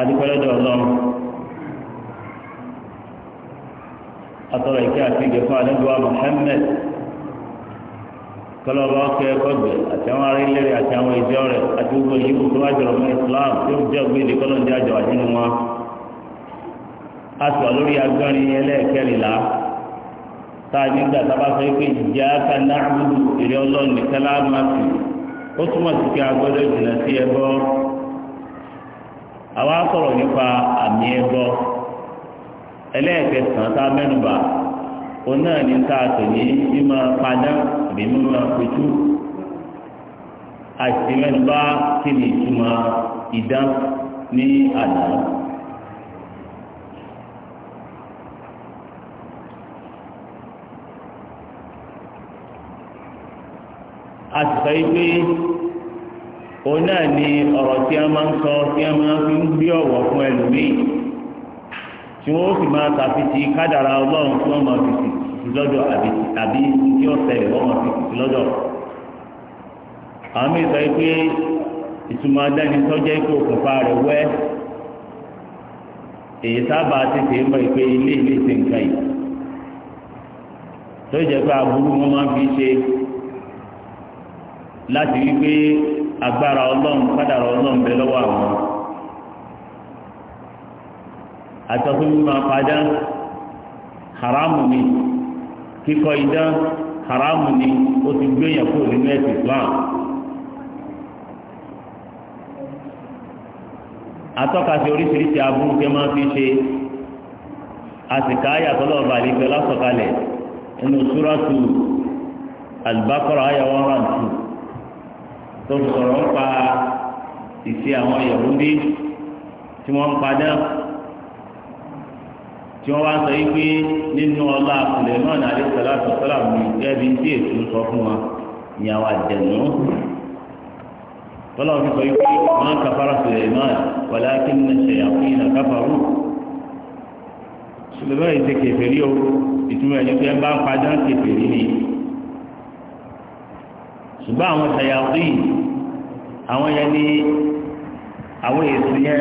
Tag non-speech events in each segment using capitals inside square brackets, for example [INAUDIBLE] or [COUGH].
adúpẹ́lẹ́dọ̀ ọlọ́run atọ́rọ̀ ìkẹ́ àti ìgbẹ̀fọ́ alẹ́gbẹ̀wá Muhammad kọlọ́ba ọkẹ́ ẹ̀kọ́gbẹ̀ àti àwọn ará ilé rẹ̀ àti àwọn ìjọ rẹ̀ àti gbogbo ìyíkù tó wájọ ọmọ Islam tí ó jẹ́ ògbé ìdí kọ́lọ́ ń jájọ àjínú wọn a sọ lórí agbọ́nrin ẹlẹ́ẹ̀kẹrìnlá tá a nígbà tá a bá fẹ́ pé ìjà ká náà gbúdú èrè ọlọ́run nìkan láàmú àti ó túmọ̀ sí pé agbọ́dọ̀ ìjìnlẹ̀ sí ẹbọ àwa sọ̀rọ̀ nípa àmì ẹbọ ẹlẹ́ẹ̀kẹsàn tá a mẹ́nuba òun náà ní tá a ní mímọ padà àbí mímọ pẹ̀tù àti kí ni ìtumọ̀ ìdán ní a sọ òun náà ni ọ̀rọ̀ tí a máa ń sọ tí a máa fi ń gbé ọ̀wọ̀ fún ẹlòmíì tí wọ́n sì máa tàbítì kádàrà ọlọ́run tí wọ́n máa fi sì lọ́dọ̀ àbí tí ó tẹ̀lé wọ́n máa fi lọ́dọ̀. sọ pé ìtumọ̀ adáni sọ́jẹ́ òkùnfà rẹ̀ wẹ́ èyí sábà tètè mọ̀ pé ilé ilé ti ń ka yìí tó jẹ́ pé aburú wọn máa fi ṣe láti wí agbára ọlọ́run kádàrá ọlọ́run bẹ lọ́wọ́ àwọn àtọ́kùn mímọ́ padà haramu ni kíkọ idán haramu ni ó ti gbéyàn kúrò nínú ẹ̀sìn Islam. atọ́ka sí oríṣiríṣi aburú tí a máa fi ṣe àsìkò ayé àtọ́lọ́ọ̀bà àlejò lásọ̀kalẹ̀ nínú súrọ́tù Al-Baqarah ayé tó ń sọ̀rọ̀ ń pa ìṣe àwọn Yahudi tí wọ́n ń padà tí wọ́n wá sọ yìí pé nínú ọlá Suleiman alayhi salatu wassalam ní ẹbí tí èsì ń sọ fún wa ní àwọn àjẹnú tọ́lá òfin sọ yìí pé ma kafara Suleiman walakinna shayatina kafaru Suleiman yìí ti kèfèrí o ìtumọ̀ ẹ̀yìn pé ẹ bá ń padà kèfèrí ni ṣùgbọ́n àwọn ṣàyàtì àwọn yẹn ní àwọn èsì yẹn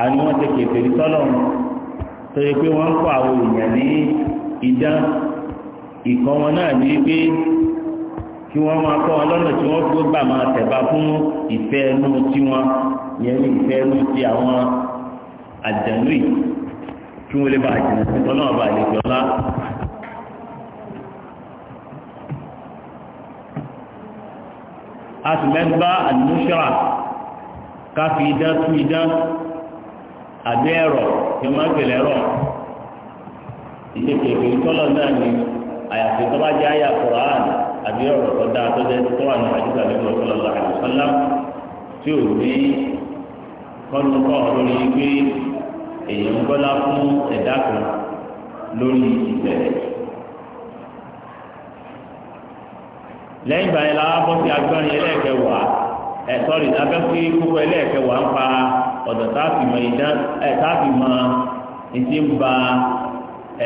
àwọn wọn ti kèfè ní sọ́lọ́run tó yẹ pé wọ́n ń kọ́ àwọn èèyàn ní ìdán ìkọ́ wọn náà ní pé kí wọ́n máa kọ́ wọn lọ́nà tí wọ́n gbó gbà máa tẹ̀bá fún ìfẹ́ ẹnu tí wọ́n yẹn ní ìfẹ́ ẹnu tí àwọn àjẹ̀lú yìí kí wọ́n lè bá àjẹ̀lú tó náà àlejò ọlá a sì mẹ́gbá àdínúṣọ́ra ká fi idán tú idán àbí ẹ̀rọ tí wọ́n pè lẹ́rọ ìṣèkè ìpè ìtọ́lọ̀ náà ni àyàfi tó bá jẹ́ àyà Qur'an àbí ọ̀rọ̀ tó dáa tó jẹ́ tó wà ní àdúgbò àdúgbò sallallahu alaihi wasallam tí ò ní kọ́nù kọ́ lórí pé èèyàn gbọ́lá fún ẹ̀dá kan lórí ìbẹ̀rẹ̀. lẹ́yìn ìgbà yẹn la wá bọ́ sí agbọ́nrin ẹlẹ́ẹ̀kẹwàá ẹ̀ sọ́rí abẹ́kí kókó ẹlẹ́ẹ̀kẹwàá ń pa ọ̀dọ̀ táàfì mọ ìdá táàfì mọ ń ba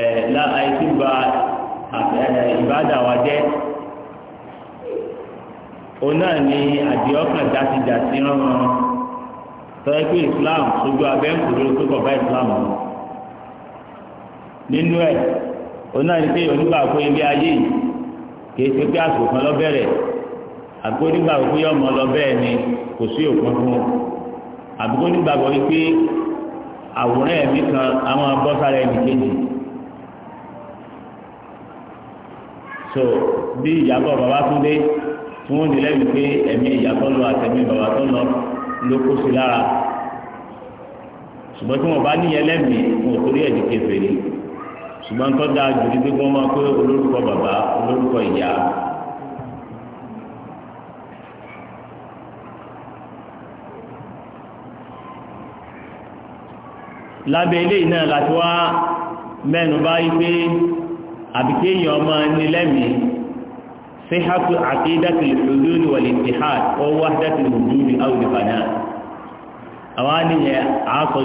ẹ̀ la etí ń ba ìbáàdà wa jẹ́ òun náà ni àdìọ́kàn jásijàsí rán wọn pé Islam sojú abẹ́ ń kúrò tó kọ̀ bá Islam nínú ẹ̀ òun náà ni pé ilé ayé yìí. kìí ṣe pé àsìkò kan lọ bẹ̀rẹ̀ àbíkó nígbàgbọ́ pé ọmọ lọ bẹ́ẹ̀ ni kò sí òpin fún àbíkó nígbàgbọ́ wípé àwòrán ẹ̀mí kan àwọn abọ́sára ẹ̀mí kejì so bí ìyàbọ̀ bàbá túndé tí wọ́n nílẹ̀ wípé ẹ̀mí ìyàtọ̀ lọ àtẹ̀mí bàbá tó lọ ló kó sí lára ṣùgbọ́n tí wọ́n bá níyẹn lẹ́mìí wọn ò torí ẹ̀dí kẹfẹ́ ṣùgbọ́n tó dáa jù ní pé kó máa pé olórúkọ bàbá olórúkọ ìyá. lábẹ́ eléyìí náà láti wá mẹ́nu báyìí pé àbíkéèyàn ọmọ ní lẹ́mìí sihatu aqidati al-hudud wal ittihad wa wahdati al-hudud aw al-banat awani ya aso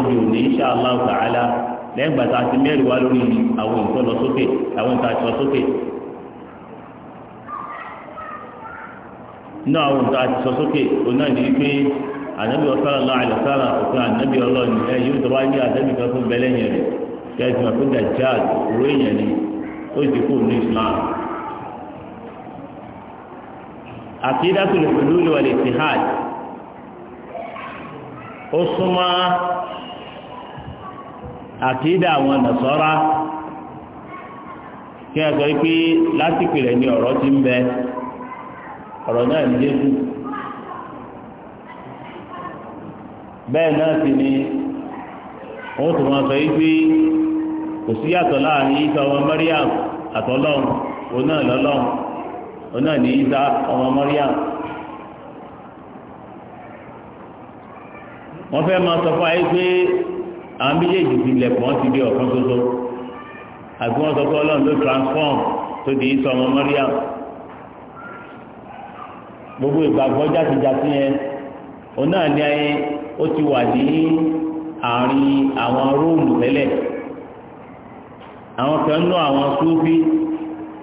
lẹ́yìn tá a ti mẹ́rin wá lórí àwọn nǹkan lọ sókè àwọn nǹkan lọ sókè inú àwọn nǹkan àti sọ sókè òun náà pé ànábì ọ̀sára láàrin ọ̀sára òfin ànábì ọlọ́ọ̀ni ẹ yóò tọ́ wá ní ànábì kan fún bẹ́lẹ́yìn rẹ̀ máa lè ti àkídà àwọn nàṣọ́ra kí a sọ pé lásìkò rẹ̀ ni ọ̀rọ̀ ti ń bẹ ọ̀rọ̀ náà ní jésù bẹ́ẹ̀ náà sì ni wọ́n tún wọn sọ pé kò sí yàtọ̀ láàrin ìsà ọmọ Mariam àtọ́lọ́hún òun náà lọ́lọ́hún òun náà ní ìsà ọmọ Mariam. wọ́n fẹ́ máa sọ fún ayé pé àwọn méjèèjì ti lẹ̀pọ̀ ti di ọ̀kan ṣoṣo àti wọ́n sọ pé ọlọ́run ló transform tó di ìsọ ọmọ Mariam gbogbo ìgbàgbọ́ jásijásí yẹn òun náà ní ayé ó ti wà ní àárín àwọn róòmù tẹ́lẹ̀ àwọn kan nú àwọn sófì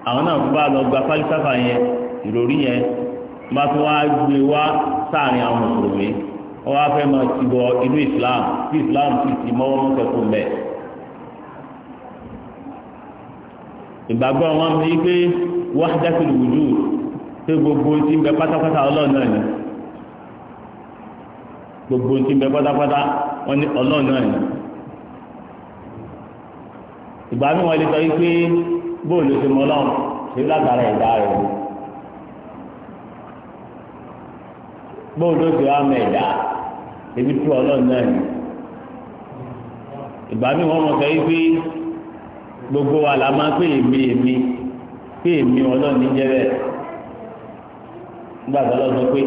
àwọn náà fún bá lọ gba pálífàfà yẹn ìròrí yẹn bá tún wá gbé wá sáàrin àwọn mùsùlùmí wọ́n wá fẹ́ máa ti bọ inú islam tí islam sì ti mọ́wọ́ mọ́kẹ́kọ̀ọ́ mẹ́. ìgbàgbọ́ wọn ní pé wahdatul wujud pé gbogbo ti ń bẹ pátápátá ọlọ́run náà ni gbogbo ti ń bẹ pátápátá wọn ní ọlọ́run ni. ìgbà mi wọn lè sọ pé bóòlù ti mọ ọlọ́run ṣe látara ẹ̀dá rẹ̀ ni bóòlù ti wá mọ ebi tú ọlọ́run náà ni ìgbà mi wọ́n mọ̀ sọ yìí pé gbogbo wa la máa pé èmi èmi pé èmi ọlọ́run ní jẹ́ gbàgbọ́ lọ́sọ pé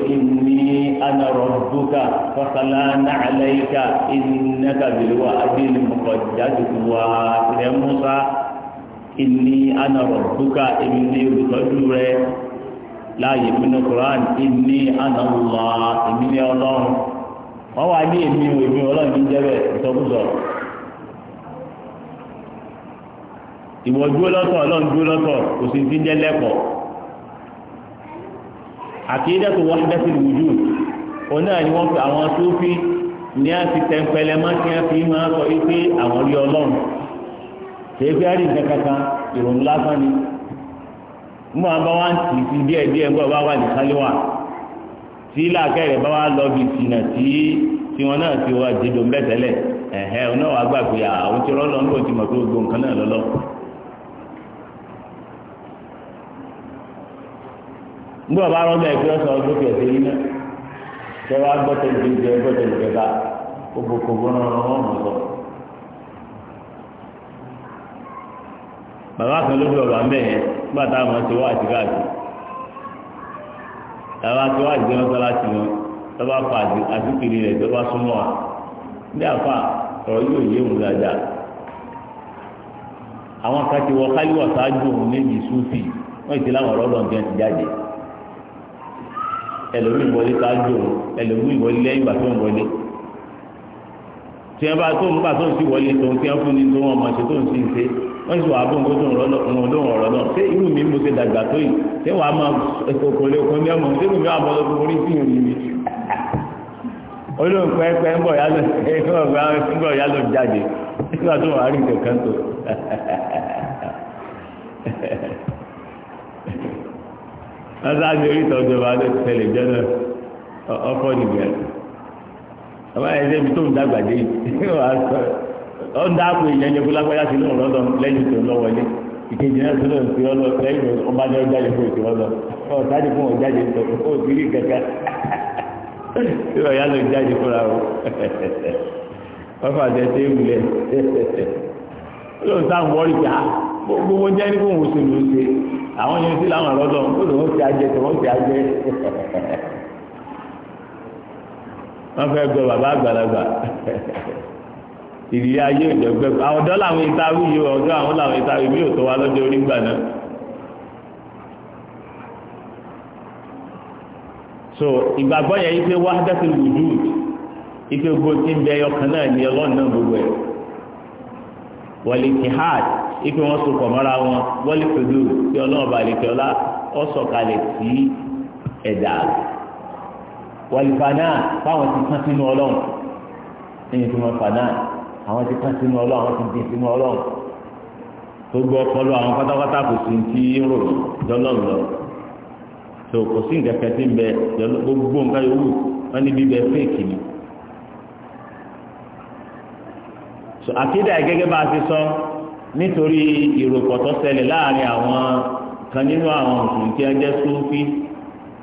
wa èmi ní olùtọ́jú láàyè pinnu èmi ní ọlọ́run. wọ́n wá ní èmi ò èmi ọlọ́run ní jẹ́bẹ̀ ìtọ́kùsọ. ìwọ dúró lọ́tọ̀ ọlọ́run dúró lọ́tọ̀ kò sì ti ń jẹ́ lẹ́kọ̀ọ́. àkídàtu wahdatil wujud òun náà ni wọ́n fi àwọn tó fi ní a ti tẹ̀pẹ̀lẹ̀ mọ́ tí a fi máa sọ wípé àwọn rí ọlọ́run ṣe é fi àrí nǹkan kankan ìrònú lásán ni. mo máa bá wa ń tì í sí díẹ̀díẹ̀ ń gbọ́ tí làákẹ́rẹ́ bá wá lọ bí ìsìnà tí wọn náà ti wá dídò ń ẹ̀hẹ́ ọ̀nà wàá gbà àwọn tí ọlọ́run ń bọ̀ ti nǹkan náà lọ́lọ́. ngbọ́ bá rọ́ bẹ́ẹ̀ ọ̀sán ọdún gbọ́tẹ̀ ọ̀rọ̀ àwọn àti wá ìgbé mọ́sálásí wọn tó bá fa àdúkìrì rẹ̀ tó bá súnmọ́ wa ní àfa ọ̀rọ̀ yóò yé òun dáadáa àwọn kan ti wọ káyọ̀ ṣáájú òun méjì súfì wọ́n ti láwọn ọ̀rọ̀ lọ́n jẹun ti jáde ẹlòmíì wọlé ṣáájú òun ẹlòmíì wọlé lẹ́yìn ìgbà tó ń wọlé tí wọ́n bá tó ń bá tó ń sì wọlé tó ń tí wọ́n fún ni tó wọ́n mọ̀ ṣe tó ń sì ń ṣe wọ́n sì wà á bóńgó tó ń rọ́ lóhùn ọ̀rọ̀ náà ṣé irú mi mo ṣe dàgbà tó yìí ṣé wàá máa kòkò lè kún ní ọmọ ṣé mi wà bọ́ lọ́kùn orí sí ìrìn mi. olóhùn pẹ́ẹ́pẹ́ ń bọ̀ yálò [LAUGHS] ń bọ̀ yálò jáde nígbà tó wàá rí kankan tó. lọ́sàá [LAUGHS] ní orí ìtọ́jú ọba ló ti tẹ̀lé jẹ́ náà ọkọ̀ nìgbẹ́. àbáyé ẹgbẹ́ mi tó ń dàgbà dé yìí [LAUGHS] ọ̀ ń dáàbò èèyàn yẹn fúlágbá yá sí lóun lọ́dọ̀ lẹ́yìn tó lọ́wọ́ ilé ìkejì náà tó lọ́dọ̀ sí ọlọ́ lẹ́yìn ọba ní ọjà yẹn fún ìtìwọ́ lọ ọ̀ sáàdì fún ọjà yẹn tó o ti rí kankan ìwọ̀ ya lọ jáde fúnra o ọfà tẹ̀sẹ̀ ìwúlẹ̀ lóun sáà ń wọ́ọ̀rì ká ah, gbogbo jẹ́ ní fóun oṣù ló ṣe àwọn yẹn sí làwọn lọ́dọ̀ ó lòun ti ajẹ tó wọ́n ti ajẹ wọ́n fẹ́ gbọ́ bàbá àgbàlagbà ìdílé ayé ìjọgbẹ́ àwọn ọ̀dọ́ làwọn ìtawí yìí ọ̀dọ́ àwọn làwọn ìtawí bí òtọ́ wa lọ́jọ́ orí gbà náà. so ìgbàgbọ́ yẹn ife wahdatul wujud ife gbogbo tí ń bẹ ọkàn náà ní ọlọ́run náà gbogbo ẹ̀ wọlé tihad ife wọn so pọ̀ mọ́ra wọn wọlé fèlú tí ọlọ́run bá lè tọ́lá ọ̀sọ̀kalẹ̀ sí ẹ̀dá wọlé fanáà fáwọn ti tán sínú ọlọ́run ẹ̀yìn tí wọ́n fanáà àwọn ti kán sínú ọlọ́run àwọn ti di sínú ọlọ́run tó gbọ́ ọpọlọ àwọn pátápátá kò sí ti rò jọlọ́run lọ tó kò sí nǹkan kẹtí ń bẹ gbogbo nǹkan yòówù wọn níbi bẹ fèèkì ni. so àkídà gẹ́gẹ́ bá a ti sọ nítorí ìròpọ̀ tó ṣẹlẹ̀ láàrin àwọn kan nínú àwọn mùsùlùmí tí wọ́n jẹ́ sófì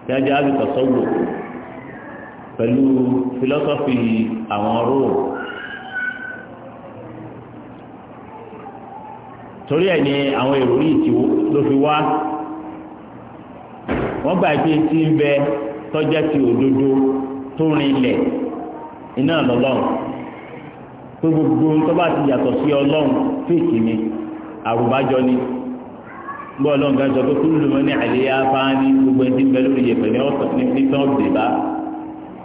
tí wọ́n jẹ́ àlùkò sọ́gbò pẹ̀lú fìlọ́sọ́fì àwọn róòmù torí ẹ̀ ni àwọn èrò yìí ti ló fi wá wọ́n gbà pé tí ń bẹ tọ́jà ti òdodo tó rinlẹ̀ iná lọ́lọ́run pé gbogbo tó bá ti yàtọ̀ sí ọlọ́run fèkì ni àrùbájọ ni gbọ́ ọlọ́run kan sọ pé kúrò lọ́mọ ní àìlèyá fáání gbogbo ẹni tí ń bẹ lórí yẹpẹ̀ ní ọ̀sán ní tọ́ọ̀dẹ̀ bá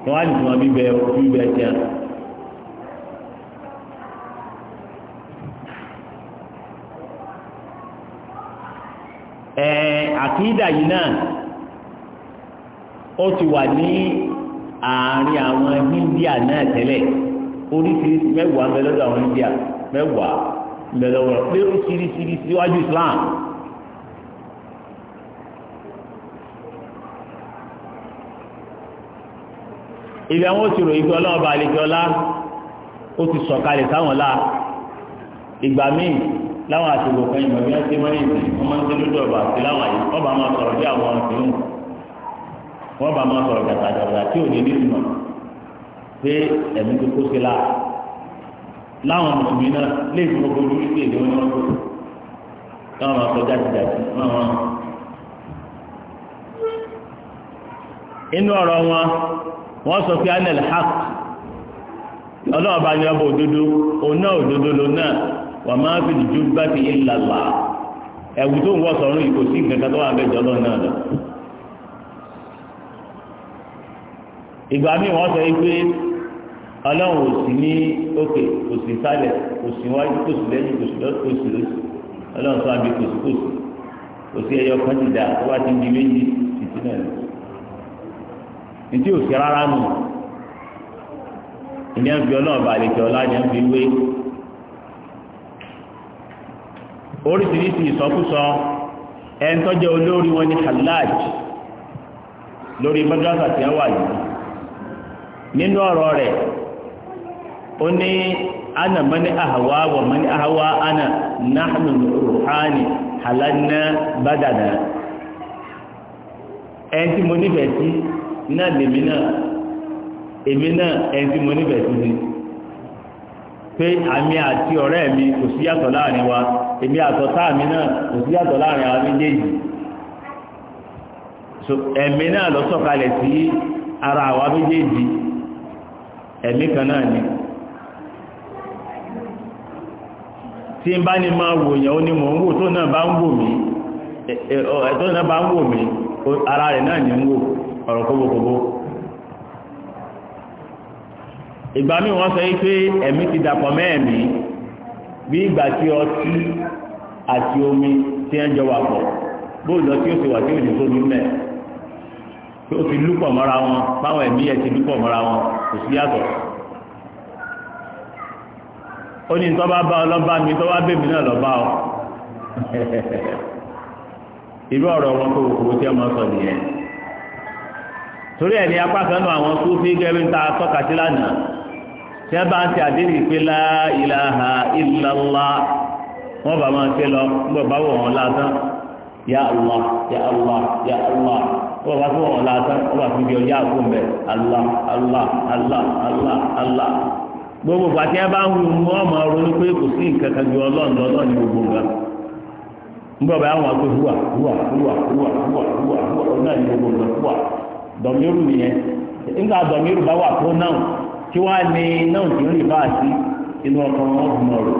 wọ́n á lè fún wọn bíbẹ bíbẹ tí àkídà yìí náà ó ti wà ní àárín àwọn India náà tẹ́lẹ̀ oríṣiríṣi mẹ́wàá ń bẹ lọ́dọ̀ àwọn India mẹ́wàá ń bẹ lọ́wọ́ pé oríṣiríṣi síwájú Islam. ibi àwọn òṣèrò ìgbé ọlọ́ọ̀bà àlejò ọlá ó ti sọ̀kalẹ̀ sáwọn ọlá ìgbà míì láwọn àtìgbò kan ìmọ̀ bí wọ́n ti ndị wọ́n máa ń tẹ́lú dọ̀bà àti láwọn àyè wọ́n máa sọ̀rọ̀ bí àwọn ọ̀sìn òun wọ́n bá máa sọ̀rọ̀ gàtàgàtà tí ò ní nítumọ̀ pé ẹ̀mí tó kó sí láwọn mùsùlùmí náà lè fi gbogbo èdè wọn táwọn máa sọ jáde-jáde wọn sọ pé anel ọlọ́ọ̀bá ni ọba òdodo òun náà òdodo náà wà máa fi dùjú bá ti yé lálá ẹ̀wù tó ń wọ́ sọ̀rọ̀ yìí kò sí nǹkan tó wà bẹ́jọ́ lọ́nà náà lọ. ìgbà míì wọ́n sọ pé ọlọ́run ò sí ní òkè kò sí sálẹ̀ kò sí wájú kò sí lẹ́yìn kò sí lọ́sí kò sí lọ́sí ọlọ́run sọ àbí kò sí kò sí kò sí ẹyọ kan ti dà tó bá ti di méjì títí náà lọ. nítí ò sí rárá nù ìní àfi ọlọ́run bàlẹ̀ kẹ́ ọlá ni fi wé oríṣiríṣi ìsọkúsọ ẹni tó jẹ́ olórí wọn ni hallaj lórí madrasa tí wọ́n wà yìí nínú ọ̀rọ̀ rẹ̀ ó ní ana mani ahawa wa mani ahawa ana nahnu ruhani halanna badana ẹni tí mo nífẹ̀ẹ́ sí náà lèmi náà èmi náà ẹni tí mo nífẹ̀ẹ́ sí ni pé àmì àti ọ̀rẹ́ mi kò sí yàtọ̀ láàrin wa èmi àtọ̀ táà mi náà kò sí àtọ̀ láàrin àwọn méjèèjì ẹ̀mí náà lọ sọ̀kalẹ̀ sí ara àwa méjèèjì ẹ̀mí kan náà ni tí n bá ní máa wò yẹn ó ní mò ń wò tó náà bá ń wò mí tó náà bá ń wò mí ara rẹ̀ náà ní ń wò ọ̀rọ̀ kóbókóbó ìgbà míì wọ́n sọ yí pé ẹ̀mí ti dàpọ̀ mẹ́ẹ̀mí bí ìgbà tí ọtí àti omi ti ń jọ wà pọ̀ bóòlù ọtí ó ti wà tí ò ní sómi mẹ́ tí ó ti lúpọ̀ mọ́ra wọn báwọn ẹ̀mí ẹ̀ ti lúpọ̀ mọ́ra wọn kò sí yàtọ̀ ó ní tó bá bá ọ lọ́ba mi tó bá bèbí náà lọ́ba ọ [LAUGHS] irú ọ̀rọ̀ wọn kò kò tí ọmọ sọ nìyẹn torí ẹ̀ ní apá kan náà àwọn tó fi gẹ́gẹ́ bí ń ta tọ́ka sí lánàá tí a bá ń ti àdéhùn pé la ilaha illallah wọ́n bá máa ṣe lọ nígbà bá wọ̀ ya lásán ya Allah ya Allah ya Allah wọ́n bá lásán wọ́n bá bí ọjà gbogbo pàtí bá ń wù wọ́n máa ronú pé kò sí nǹkan kan ju ọlọ́run lọ́dọ̀ gbogbo nǹkan nígbà bá wọn pé ya hùwà hùwà hùwà ya hùwà hùwà náà nǹkan dọ̀míìrù nìyẹn nígbà dọ̀míìrù bá wà tó náà tí wàá ní náà tí ó lè bá àti inú ọkọ wọn fún ọ̀rọ̀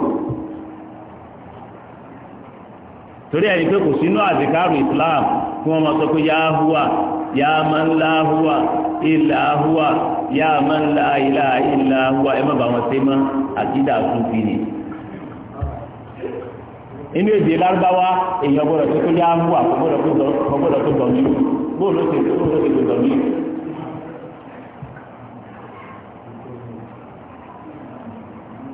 torí ẹni pé kò sínú àdìkárù Islam kí wọn máa sọ pé yáá hùwà yáá máa ń lá hùwà ìlà hùwà yáá máa ń ẹ má bà wọn ṣe mọ àkídà àtúnfin ni inú èdè lárúbáwá èèyàn gbọ́dọ̀ tó tó yáá kò gbọ́dọ̀ tó dọ mí bóòlù ó ti tó tó tó dọ mí.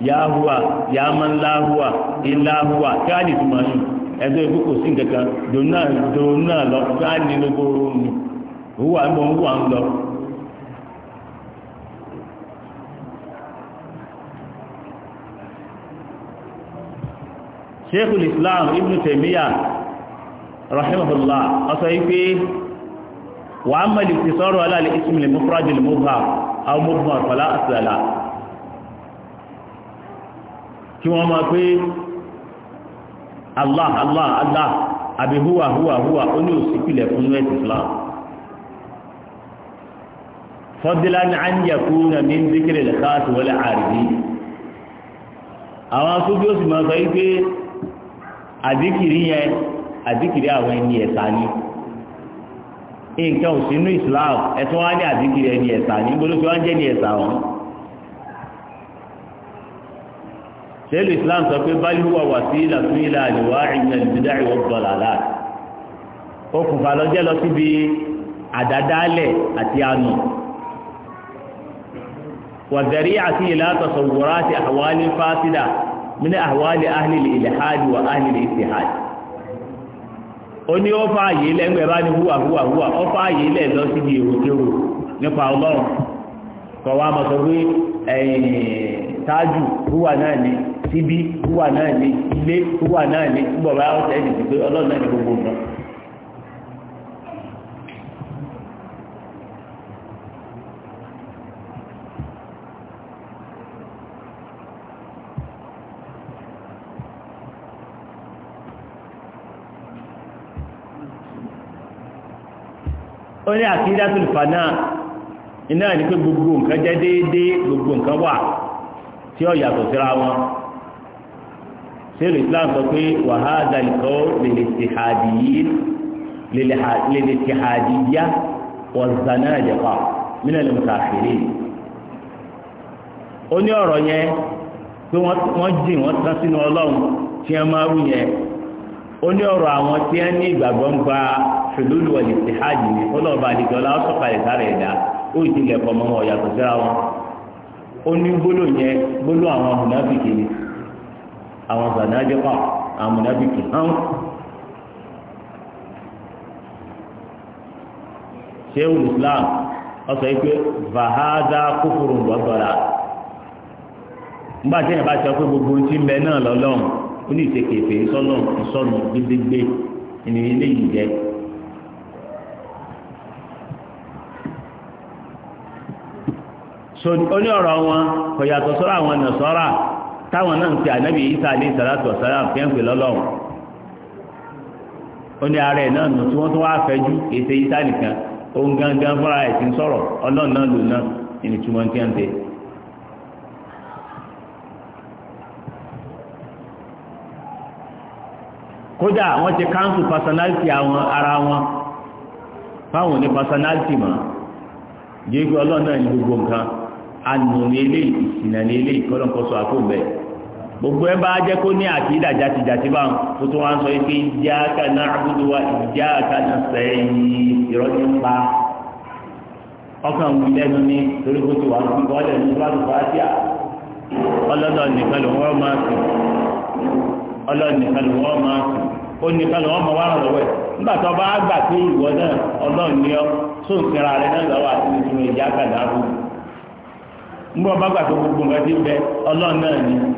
yahuwa yaman lahuwa ilahuwa káàdì tó máa yùn ẹgbẹ́ ìbú kò sí nǹkan kan dòun náà lọ káàdì lógóró ni òwúwà ń bọ̀ òwúwà ń lọ. sheikhul islam ibn taymiya rahimahullah ọsọ ipe wàá mọ̀lì ti sọ̀rọ̀ alálẹ̀ ismail mufrajil mubham àwọn mubham fọlá àtàlà kí wọ́n máa pé allah allah allah àbí húwà húwà húwà ó ní òsì pìlẹ̀ fún west islam fọ́dílá ní àníyàkú na ní díkìrì lẹ́kàtì wọlé àrídí àwọn asójú ó sì máa sọ wípé àdíkìrí yẹn àdíkìrí àwọn ẹni ẹ̀sà ni nǹkan òsínú islam ẹ̀tún wá ní àdíkìrí ẹni ẹ̀sà ni gbọ́dọ̀ tí wọ́n jẹ́ ní ẹ̀sà wọn. sẹ́lù islam sọ pé báyìí wà wà sí ìlàtún ilà àlèwà ìyẹn ìbídà ìwọ bọ̀là láà okùnfà lọ́jẹ́ lọ síbi àdádálẹ̀ àti àánú wàzẹ̀rí àti ìlàtọ̀ sọ̀wọ́rá àti àwálé fásidà min ahwali ahli ilhadi wa ahli istihad oni o fa yi le ngbe ba ni huwa huwa huwa o fa yi le lọ sí bi nípa Ọlọ́run ko wa wí eh taju huwa náà ni síbí wúwà náà ní ilé wúwà náà ní bọ̀bá ìdìbò pé ọlọ́run náà ní gbogbo nǹkan. onye àkídá tó lùfà náà iná ní pé gbogbo nǹkan jẹ́ déédéé gbogbo nǹkan wà tí ó yàtọ̀ síra wọn sẹ́rù islam sọ pé wàhálà ìkọ́ lèlè tìhàdìyà wọ̀zánà ìjẹ̀fà mílẹ̀ lè mùsàfìrí ó ní ọ̀rọ̀ yẹn pé wọ́n onye wọ́n tán sínú ọlọ́run tí wọ́n máa yẹn ní ọ̀rọ̀ àwọn tí wọ́n ní ìgbàgbọ́ ń gba ṣùlùlù ọlọ́ọ̀bà àdìgbọ́lá sára ẹ̀dá ó mọ́ wọn wọn ní àwọn zanadiqa àwọn hàn. sheu islam ọsọ yìí vahada kúkúrú bá gbogbo ti ń náà ise ó ní ìṣèkèfé sọ́nà ìsọ̀nù gbégbégbé ènìyàn eléyìí jẹ́. So onye ọrọ wọn kò yàtọ̀ sọ́rọ̀ àwọn táwọn náà ti anabi ànábì isa salatu wa salam fẹ́ ń ní ara náà nù tí wọ́n tún wá fẹ́jú èsè isa nìkan gangan fúnra ẹ̀ ti ń sọ̀rọ̀ ọlọ́run náà lò náà kódà wọ́n ti ara wọn fáwọn ní personality mọ́ jẹ́ pé ní gbogbo nǹkan gbogbo ẹ bá jẹ́ kó ní àkìdá jatijati bá tó tó wọn sọ yìí pé iyyaka na'budu wa iyyaka nasta'in ìrọ́jú pa ọkàn wù lẹ́nu ní torí kó ti wà ní bọ́ọ̀lù ní bá tó a nìkan ló wọ́n máa sùn nìkan ló máa sùn ó nìkan ló máa wà nígbà tó bá gbà pé ìwọ náà ní ọ tó ń rẹ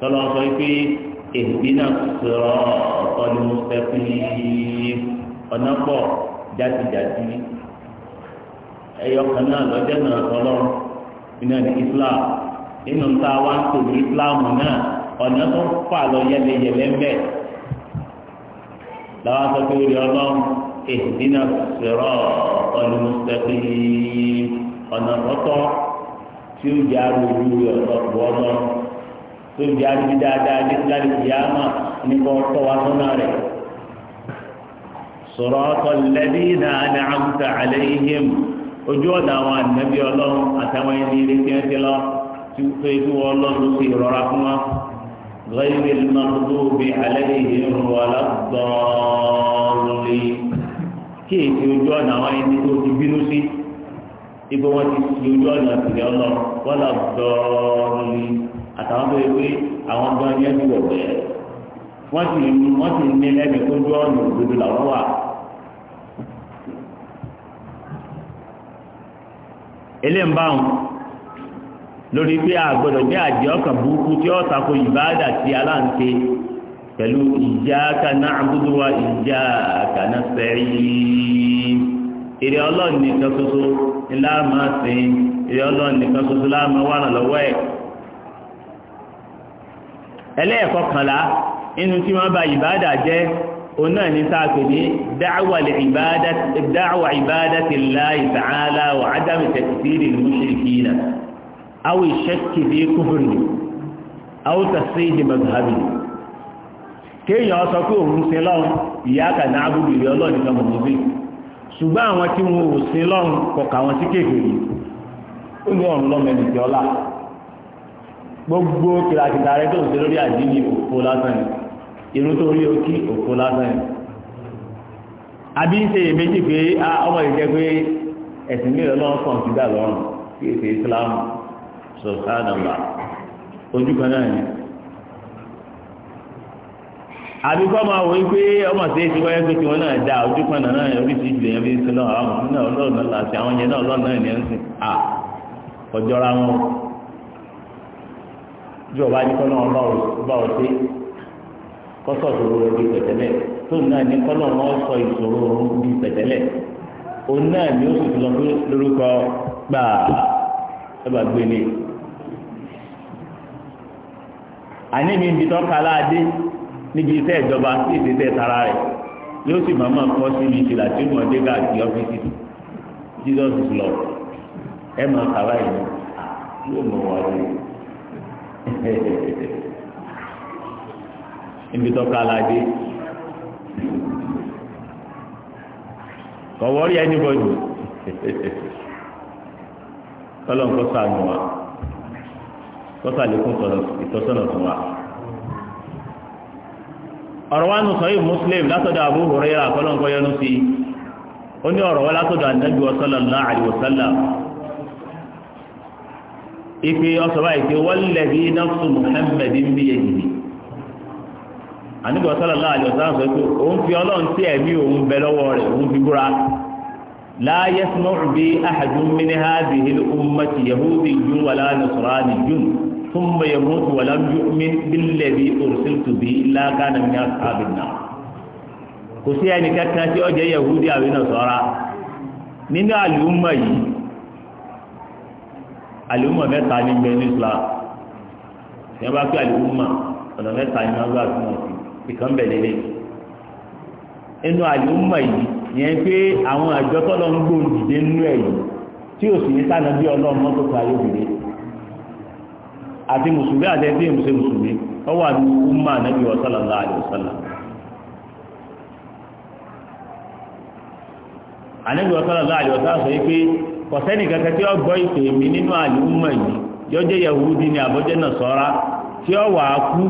tọ́lọ́ sọ pé ihdina siratal mustaqim ọ̀nà pọ̀ jáde-jáde ẹ̀yọ kan náà lọ́jọ́ náà tọ́lọ́ iná ní Islam nínú tá a wá ń tò ní Islam náà ọ̀nà tó ń fà lọ yẹlẹyẹlẹ ń bẹ̀ làwọn sọ pé ó di ọlọ́run ihdina siratal mustaqim ọ̀nà tọ́tọ́ tí ó yára ojú ọ̀pọ̀ ọlọ́run tó ń di alibi dáadáa ní láti kìyàmà nípa ọ̀tọ̀ wa sọ́nà rẹ̀. sirata alladhina an'amta alayhim ojú ọ̀nà àwọn ànábì ọlọ́run àtàwọn ẹni ilé tí wọ́n ti lọ tí ó fẹ́ kí wọ́n lọ ló sì rọra fún wa. ghayril maghdubi alayhim waladdallin kí èsì ojú ọ̀nà àwọn ẹni tó ti bínú sí ibo wọn ti fi ojú ọ̀nà ìpìlẹ̀ ọlọ́run waladdallin àtàwọn tó yẹ pé àwọn gan ni ẹbí wọ̀ wẹ̀ wọ́n sì wọ́n sì ní ẹbí tó dúró ọ̀nà òdodo làwọn wà. eléyìí ń bá wọn lórí pé àgbọ̀dọ̀ jẹ́ àjẹ́ ọkàn burúkú tí ó tako ìbáàdà tí aláǹtẹ pẹ̀lú iyyaka na'budu wa iyyaka nasta'in èrè ọlọ́ọ̀nì kan ṣoṣo ńlá máa sìn èrè ọlọ́ọ̀nì kan ṣoṣo láàmú wà lọ́wọ́ ẹ̀ ẹlẹ́ẹ̀kọkànlá inú tí wọ́n bá ìbádà jẹ́ òun náà ní sáàpè ní dáwà ìbádàtì láì tààlà wà ádámì tẹ̀síìrì mushrikina aw ìṣẹ́kì bí kúfùrù aw tàṣíìdì mazhabi kéèyàn sọ pé òun sin lọ́run ìyá kà náà búbu ìrẹ́ ọlọ́ọ̀nì kan mọ̀mọ́bí ṣùgbọ́n àwọn gbogbo kìlàkìlà rẹ tó ṣe lórí àdínì òfò lásán ni irú tó rí okí òfò lásán ni àbí ń ṣe èméjì pé ọmọ ìjẹ pé ẹ̀sìn mìíràn dà lọ́rùn kí Islam sọ̀tánàlá ojú kan náà ni àbí kọ́ máa wòye pé ọmọ sí èsì wáyé pé tiwọn náà dá ojú kan náà náà oríṣi ìjìnlẹ̀ yẹn bí náà àwọn ọmọ náà ọlọ́run náà láti àwọn yẹn náà ọlọ́run náà ní ẹ̀ ń sìn à ìjọba ní kọ́nà ọlọ́run bá ọ dé kọ́sọ̀ ìṣòro rẹ̀ di pẹ̀tẹ́lẹ̀ tó náà ní kọ́nà wọn sọ ìṣòro rẹ̀ di pẹ̀tẹ́lẹ̀ òun náà ni ó sì fi lọ pé lórúkọ gbàá ẹ bá gbélé àní mi ń bi tọ́ ka aláàdé níbi iṣẹ́ ìjọba sí ìdíjẹ́ tara rẹ̀ yóò sì máa máa kọ́ sí ibi ìṣìlá tí mo dé káàkiri ọ́fíìsì Jesus is love. ẹ máa kàwá ìlú ah, yóò mọ̀ wá lórí níbi [LAUGHS] tọ́ka aládé kọ̀ wọ́rí anybody kọ́lọ̀ ń kọ́ sànù wa kọ́ sàlékún ìtọ́sọ́nà fún wa ọ̀rọ̀ wa nù sọ́yìn muslim látọ̀dọ̀ Abu Hurairah kọ́lọ̀ ń kọ́ yẹnu sí ó ní ọ̀rọ̀ wa látọ̀dọ̀ àdájú wa sallallahu alaihi wa sallam ipe ọsọ báyìí pé wọ́lẹ̀bí nafsu muhammed ń bí yẹ̀yìí àníbọ̀ sọ́lá láàlẹ́ ọ̀sán sọ pé òun fi ọlọ́run tí ẹ̀mí òun bẹ lọ́wọ́ rẹ̀ òun fi búra láàyè sinọ́ọ̀rù bí ahàdùn mí ní hábì hìlú ummati yahudi jun wàlá nasarani jun fún mi yamutu wàlá mi bílẹ̀ bí ursiltu bí ilá kánà mi àkàbì náà kò sí ẹni kankan tí ó jẹ́ yahudi àbí nasara nínú àlùmọ̀ yìí àlùmọ̀ mẹ́ta ní bẹ ní Islam ìyẹn bá pé àlùmọ̀ ọ̀nà mẹ́ta ní wọn gbà fún wọn ìkan bẹ̀ lélẹ̀ inú àlùmọ̀ yìí yẹn pé àwọn àjọ ń gbóhùn dìde nínú ẹ̀ yìí tí ò sì ní sànà bí ọlọ́run mọ́tò kan ayé òbí àti mùsùlùmí àti ẹbí mùsùlùmí ọwọ́ àdúgbò mọ́ ànábì sallallahu alaihi wasallam ànábì sallallahu alaihi wasallam sọ pé kọ̀sẹ́nì kankan tí ó gbọ́ ìpè mi nínú àlùmọ̀ yìí yóò jẹ́ yahudi ní àbọ̀jẹ́ nasara tí ó wà á kú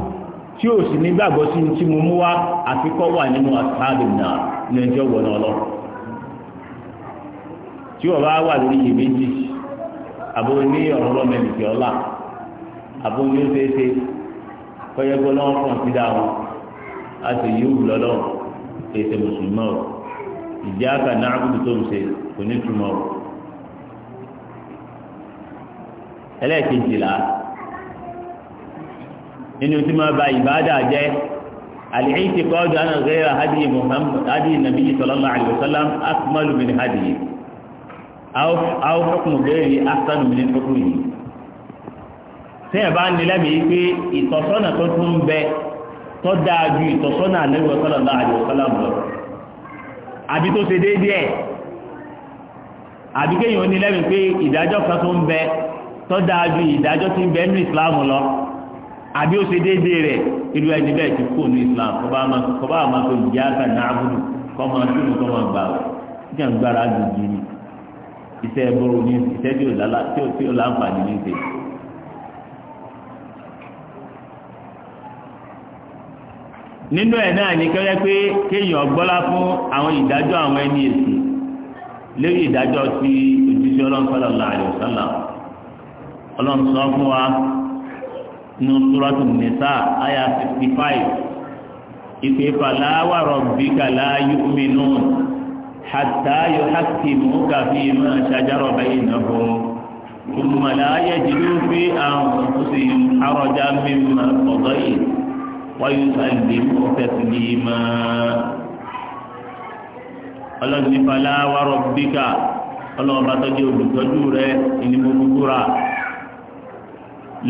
tí ó sì nígbàgbọ́ sí ti mú mú wá àfikọ́ wà nínú àtàdùn ní ẹjọ́ wọ̀nà ọlọ́run tí iyyaka na'budu tó ń ṣe kò ní túmọ̀ o ẹlẹ́ẹ̀kejìlá nínú tí máa ba ìbáàdà jẹ́ àlìhìntì kọ́ọ̀dù àná gẹ́rẹ́ hadiyi muhammad hadiyi nabiyyi sallallahu alayhi wa sallam akmalu min hadiyi aw hukmu gẹ́rẹ́ ahsanu min hukmi yìí tí ẹ̀ bá ń nílẹ́mì yìí pé ìtọ́sọ́nà tó tún bẹ tó dáa ju ìtọ́sọ́nà àlẹ́wọ̀ sallallahu alayhi lọ àbí tó ṣe déédéé ẹ̀ àbí kéèyàn ní lẹ́mìí pé ìdájọ́ kan tó ń bẹ tó dáa ju ìdájọ́ tí ń bẹ nínú ìsìláàmù lọ àbí ó ṣe déédéé rẹ̀ irú ẹni bẹ́ẹ̀ ti kó nínú ìsìláàmù kọ́ bá máa tó ìyá kan náà àbúrò kọ́ máa tó nǹkan máa gbà ó kí à ń gbára gbùgbì ni iṣẹ́ ẹ̀bùrù ní iṣẹ́ tí ò láǹfààní ní ìṣèlú. nínú ẹ̀ náà ní kẹ́rẹ́ pé kéèyàn gbọ́lá fún àwọn ìdájọ́ àwọn ẹni èsì lórí ìdájọ́ ti ojúṣe ọlọ́run sallallahu alaihi fún wa nínú súrọ́tù nìsá àyà 65 ìpè fàlà wà rabbika la yu'minun hatta yuhakkimuka fima shajara baynahum thumma la yajidu fi anfusihim harajan mimma qadayta wáyé sàlẹ̀ ọ̀fẹ́ sílé máa ọlọ́run ní falá wárọ̀ bíkà ọlọ́run bá tọ́jú olùtọ́jú rẹ ìní mo kúkú rà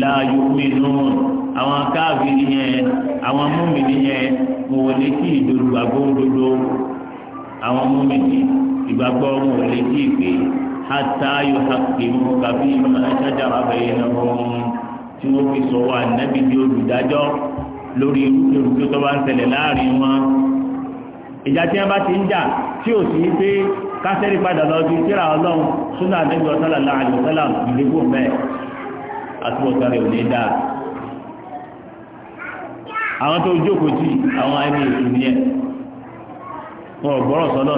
láàyò mìínú àwọn káàfin yẹn àwọn múmìnì yẹn mo wò lé kí ìdòdùgbàgbọ́ òdodo àwọn múmìnì ìgbàgbọ́ mo wò lé kí ìpè hàtà yóò hàkè mú kàfí ìmọ̀ ẹ̀ṣẹ̀ dára bẹ̀yẹ̀ náà wọ́n tí wọ́n fi sọ wà nẹ́bí di olùdájọ́. lórí irúgbó tó bá ń ṣẹlẹ̀ láàrin wọn ìjà tí wọ́n bá ti ń jà tí ò sí pé kásẹ́rì padà lọ sí tíra ọlọ́run súnà àdéjọ sálà láàrin ìlébò mẹ́ẹ̀ àtúbọ̀tán rẹ̀ ò àwọn tó jókòó tì àwọn ẹni ètò yẹn wọn ò sọ́lọ́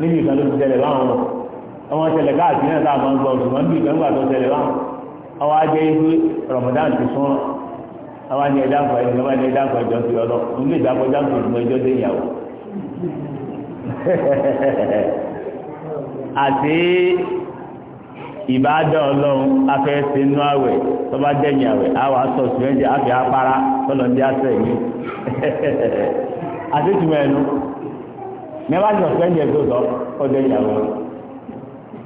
níbi ìgbà tó ti tẹ̀lẹ̀ báwọn ọmọ tẹ̀lẹ̀ káàkiri náà táà máa ń gbọ́ ṣùgbọ́n níbi ìgbà nígbà tó tẹ̀lẹ̀ báwọn ọwọ́ ajẹ́ ibi Ramadan ti sún àwọn ẹni ẹ̀dá àgbà ìjọba ẹni ẹ̀dá àgbà ìjọ ti ọlọ níbi ìdákọjá tó ìgbà ìjọ dé ìyàwó. [LAUGHS] àti ìbádọ́ ọlọ́run afẹ́ ti nú àwẹ̀ tó bá dẹ̀yìn àwẹ̀ àwọn aṣọ ìṣúwẹ́jẹ àfi apára tọ́lọ́ ní àṣẹ yìí [LAUGHS] àti ìtumọ̀ ẹnu mẹ́fà ti ọ̀sẹ̀ ǹjẹ́ tó sọ ọjọ́ ìyàwó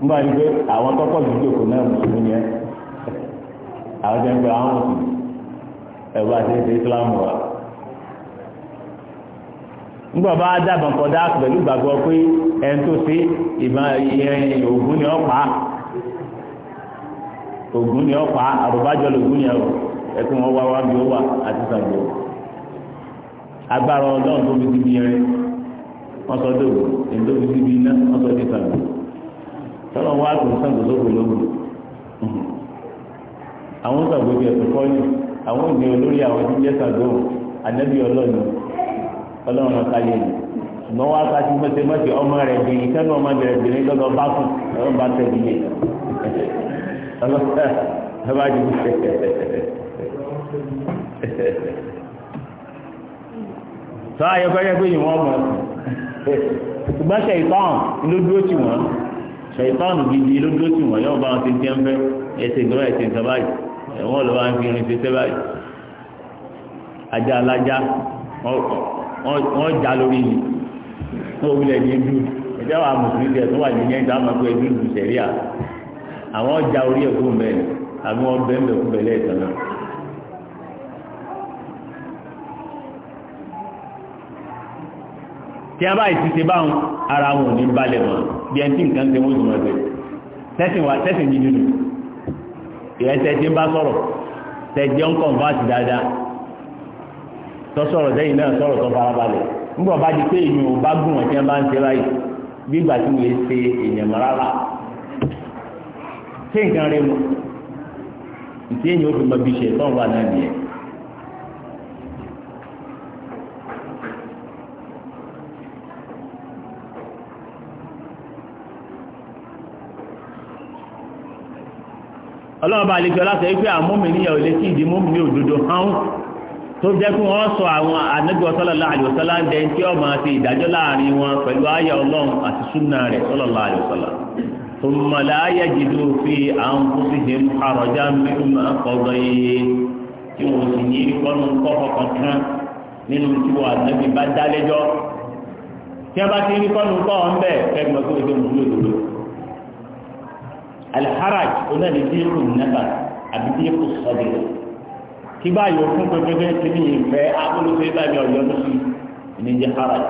ń bá ní pé àwọn tọ́kọ̀ lójú òkú náà mùsùlùmí yẹn àwọn jẹ́ ń àwọn mùsùlùmí ẹ̀rọ àti ẹ̀sẹ̀ Islam wa nígbà bá dábàá kọjá pẹ̀lú gbàgbọ́ pé ẹn tó sí ìyẹn ògùn ni ògùn ni lògùn ni ẹ̀kún wọn wá wá bí ó wà àti sàgbọ́ agbára ọlọ́run tó wọ́n sọ dòwò èdè òbí síbi iná wọ́n sọ dé sàgbò tọ́lọ̀ wá àgbò sàgbò sóko lóògùn àwọn sàgbò bí ẹ̀sùn kọ́ni àwọn òní olórí àwọn tí ń jẹ́ sàgbò ànábì ọlọ́ọ̀nù ọlọ́run ọ̀ka yẹn ṣùgbọ́n wọ́n á ti mọ̀tẹ́ mọ̀tẹ́ ọmọ rẹ̀ bìnrin kẹ́nu ọmọ rẹ̀ bìnrin lọ́dọ̀ bá fún ọlọ́run bá tẹ̀ bìyẹn ọlọ́run ẹ sọ ayọ̀kọ́ yẹ pé ìwọ̀n mọ̀ ọ́ ṣùgbọ́n ṣèyítọ́n lódúró tì wọ́n ṣèyítọ́n gidi lódúró tì wọ́n yóò bá wọn ti tiẹ́ ń fẹ́ ẹsẹ̀ ìgbọ́n ẹsẹ̀ ìtàn báyìí ẹ̀wọ́n ló bá ń fi irin ṣe sẹ́ báyìí ajá alájá wọ́n já lórí ni wọ́n wulẹ̀ ní ibi ẹ̀jẹ̀ wà mùsùlùmí tẹ̀ tó wà ní yẹn tó àmọ́ pé ìlú sẹ̀ríà àwọn ọjà orí ẹ̀kú mẹ́rin àbí wọ́n bẹ́ẹ̀ tí a bá ìtìsẹ báhùn ara wọn ò ní balẹ̀ mọ́ bí ẹni tí nǹkan ṣe wọ́n jùmọ̀ ṣe tẹ́sìn wà tẹ́sìn yìí nínú ìrẹsẹ̀ tí ń bá sọ̀rọ̀ tẹ̀jẹ́ ń kàn fáàtì dáadáa tọ́ sọ̀rọ̀ sẹ́yìn náà sọ̀rọ̀ tó farabalẹ̀ nígbà bá di pé èèyàn ò bá gùn ọ̀tí ẹ bá ń ṣe báyìí bí ìgbà tí mo lè ṣe èèyàn mọ́ rárá ṣé nǹkan rẹ mu ìtí èèyàn ó fi mọ bí ṣe tọ́ ọlọ́run bá lè jọ láti ẹ pé àmúmìnira ò lè tí ìdí múmi òdodo hán tó jẹ́ kí wọ́n sọ àwọn Ànábì sallallahu alaihi wasallam ń dẹ́n tí ọmọ àti ìdájọ́ láàrin wọn pẹ̀lú ayé ọlọ́run àti súnà rẹ̀ sallallahu alaihi wasallam thumma la yajidu fi anfusihim harajan mimma qadayt tí wọ́n sì ní kọ́nù kọ́kọ́ kankan nínú tí wọ́n Ànábì bá dálẹ́jọ́ tí wọ́n bá ti rí kọ́nù kọ́ alharaj ọ̀nà ní dírò nàbà àbí dírò sọ́dẹ̀ kí bá yọ fún pẹpẹpẹ tí mi yìí fẹ́ akólóso ibà mi ọ̀yọ́ ló fi ní jẹ́ haraj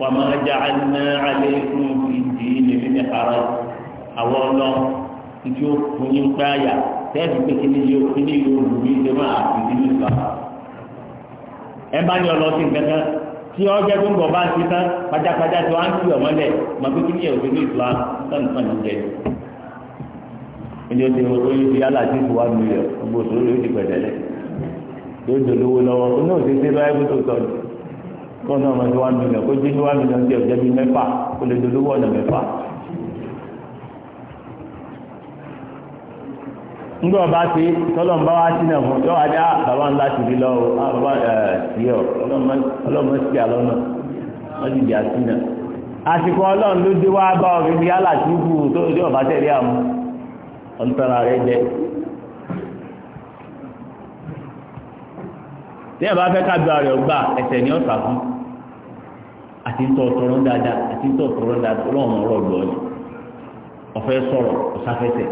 wà máa jẹ́ àná alẹ́ fún ìdí nìbí ní haraj àwọn ọ̀nà tí ó fún yín gbáyà tẹ́ẹ̀sì pé kí ni yóò kí ni yóò lù mí ṣe máa fi dínú ìgbà ẹ bá ní ọlọ́sìn kankan tí ọjọ́ tó ń bọ̀ bá ń ṣe tán pajápajá tó á ń kí ọmọlẹ̀ mọ̀ pé kí ni yóò fi ìtura tán nǹkan nìjẹ́ yìí ní o ti o ti yálà tí ìfowó àmì rẹ gbogbo òṣèlú yóò ti pẹ̀tẹ́lẹ̀ yóò dolówó lọ́wọ́ o náà ti ṣe báyìí kó tó tọ́jú kó náà mọ̀ sí wá mi lọ kó jí ní wá mi lọ sí ọ̀jẹ́ bíi mẹ́fà kó lè dolówó ọ̀nà mẹ́fà. nígbà ọba ṣe tọ́lọ́mù bá wá sí náà fún yọ adé bàbá ńlá ti rí lọ́wọ́ ah, bàbá sí ọ ọlọ́mọ sí àlọ́nà wọ́n ti di àti náà àsìkò ọlọ́run ló dé wá bá ọ ọ̀ntara rẹ̀ jẹ́ tí ẹ bá fẹ́ kájọ rẹ̀ ọgbà ẹsẹ̀ ní ọ̀sà fún àti ń tọ́ ọ̀tọ̀rọ̀ dáadáa àti ń tọ́ ọ̀tọ̀rọ̀ dáadáa ọlọ́run ọ̀rọ̀ ọ̀dọ́ ni ọ̀fẹ́ sọ̀rọ̀ ọ̀sáfẹ́sẹ̀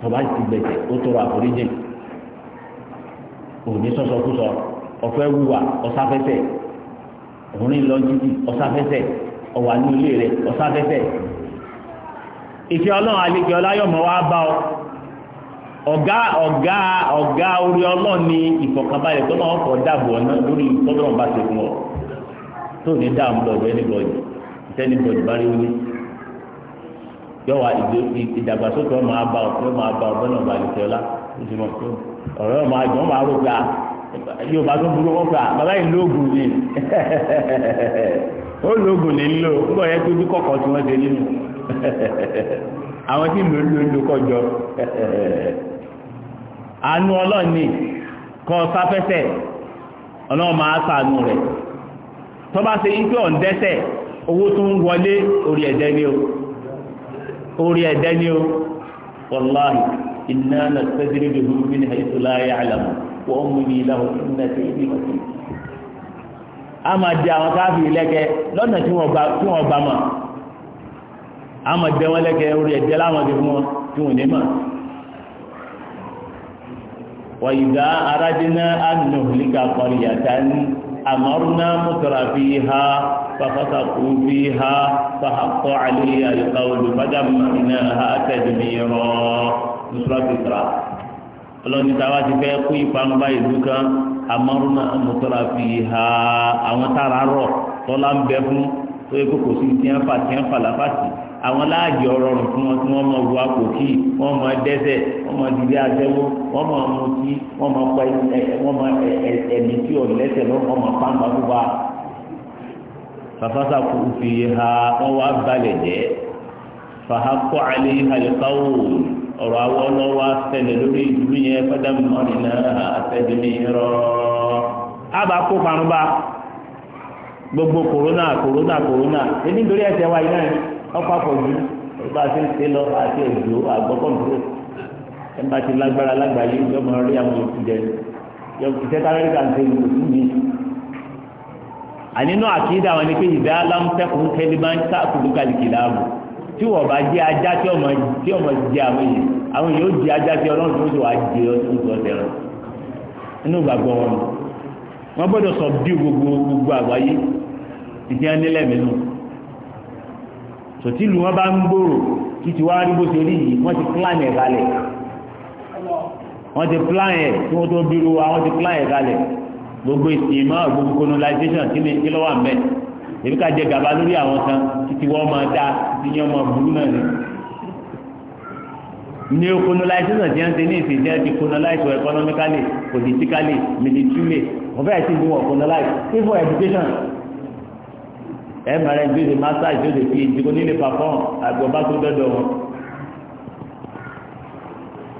tọba ti gbẹ̀sẹ̀ ó tọrọ àforíjì òní sọ́sọ́kúsọ ọ̀fẹ́ wùwà ọ̀sáfẹ́sẹ̀ òun ní lọ́jìtì ọ̀sáfẹ́sẹ̀ ọ̀wà ní ilé rẹ̀ ọ̀sáfẹ́sẹ̀ ìfẹ́ ọlọ́run àlejò ọláyọ̀mọ́ wá bá ọ ọ̀gá ọ̀gá ọ̀gá orí ọlọ́run ní ìfọ̀kànbalẹ̀ tó máa ń fọ̀ dàbò ọ̀nà lórí tọ́lọ́run bá ti fún ọ tó ní ẹnìbọ̀dì ìtẹ́nìbọ̀dì bá rí wí yọ̀wá ìdàgbàsókè ọ máa bá ọ tó ọmọ máa bá [LAUGHS] [LAUGHS] àwọn tí ló ló ló kọjọ àánú ọlọ́run kọ sáfẹ́sẹ̀ ọlọ́run máa sàánú rẹ̀ tó bá ṣe ipe ọ̀ǹdẹ́sẹ̀ owó tó ń wọlé orí ẹ̀dẹ́ ni o orí ẹ̀dẹ́ ni o iná na sẹ́sẹ́rì lè hùwù nínú ẹ̀sùn láyé àmọ̀ jẹ́ wọn lẹ́kẹ̀ orí ẹ̀jẹ̀ láwọn ti fún wọn tí wọ́n ní mọ̀ wà ìdá arájínà ànàhùlíkà kọ̀rìyàtà ní àmọ́rúnà mùsọ̀rọ̀ fi ha fàfọ́sà kú fi ha fàhàkọ́ àlẹ́ àyíká olùfájà àmọ́rúnà mùsọ̀rọ̀ fi ha àwọn tára rọ̀ tọ́lá ń bẹ fún tó yẹ kò sí tiẹ́fà tiẹ́fà lápá sí àwọn láàjì ọrọ rùn fún wọn tí wọ́n mọ wọ àpòkì wọ́n mọ dẹ́sẹ̀ wọ́n mọ dìde àtẹ́wọ́ wọ́n mọ mutí wọ́n mọ pa wọn mọ tí ò mọ ha wọn wá balẹ̀ jẹ́ fàhákọ́ àlẹ́ àlùkáwò ọ̀rọ̀ àwọn lórí yẹn gbogbo kòrónà kòrónà kòrónà ọkọ̀ àfọ̀jú ìgbà tí ń ṣe lọ àti òjò àgbọ́kọ̀ǹtò ẹ̀mbà ti lágbára lágbàáyé yọmọ rí àwọn òkú jẹ iṣẹ́ táríkà ń ṣe òkú mi. ànínú àkídà wọn ni pé ìdá alámúfẹ́kùn kẹ́lí máa ń sáàkùdù kàlìkì láàbò tí wọ́n bá jẹ́ ajá tí ọmọ jẹ àwọn èèyàn àwọn èèyàn ó jẹ ajá tí ọlọ́run tó ti wà jẹ ọtún tó ọtẹ rẹ inú ìgbàgbọ́ wọn wọn gbọ́dọ̀ sọ bí gbogbo gbogbo àgbáyé ìdí sòtí lu wọn bá ń gbòòrò títí wá rí bó ṣe rí yìí wọ́n ti plan ẹ̀ kalẹ̀ wọ́n ti plan ẹ̀ tí wọ́n tó bírú wa wọ́n ti plan ẹ̀ kalẹ̀ gbogbo ìsìnmọ́ gbogbo colonization kí ni kí ló wà mẹ́ èmi ká jẹ gàba lórí àwọn kan títí wọ́n máa dá títí yẹn máa burú náà ni ní colonization ti ń ṣe ní ìsìn jẹ́ ti colonize for economically politically militarily wọ́n fẹ́ẹ́ sì ní wọ́n colonize even education ẹ máa rẹ ju de masa ju de fi ìdìbò nílé papọ̀ àgbọ̀bá tó dọ́dọ̀ wọn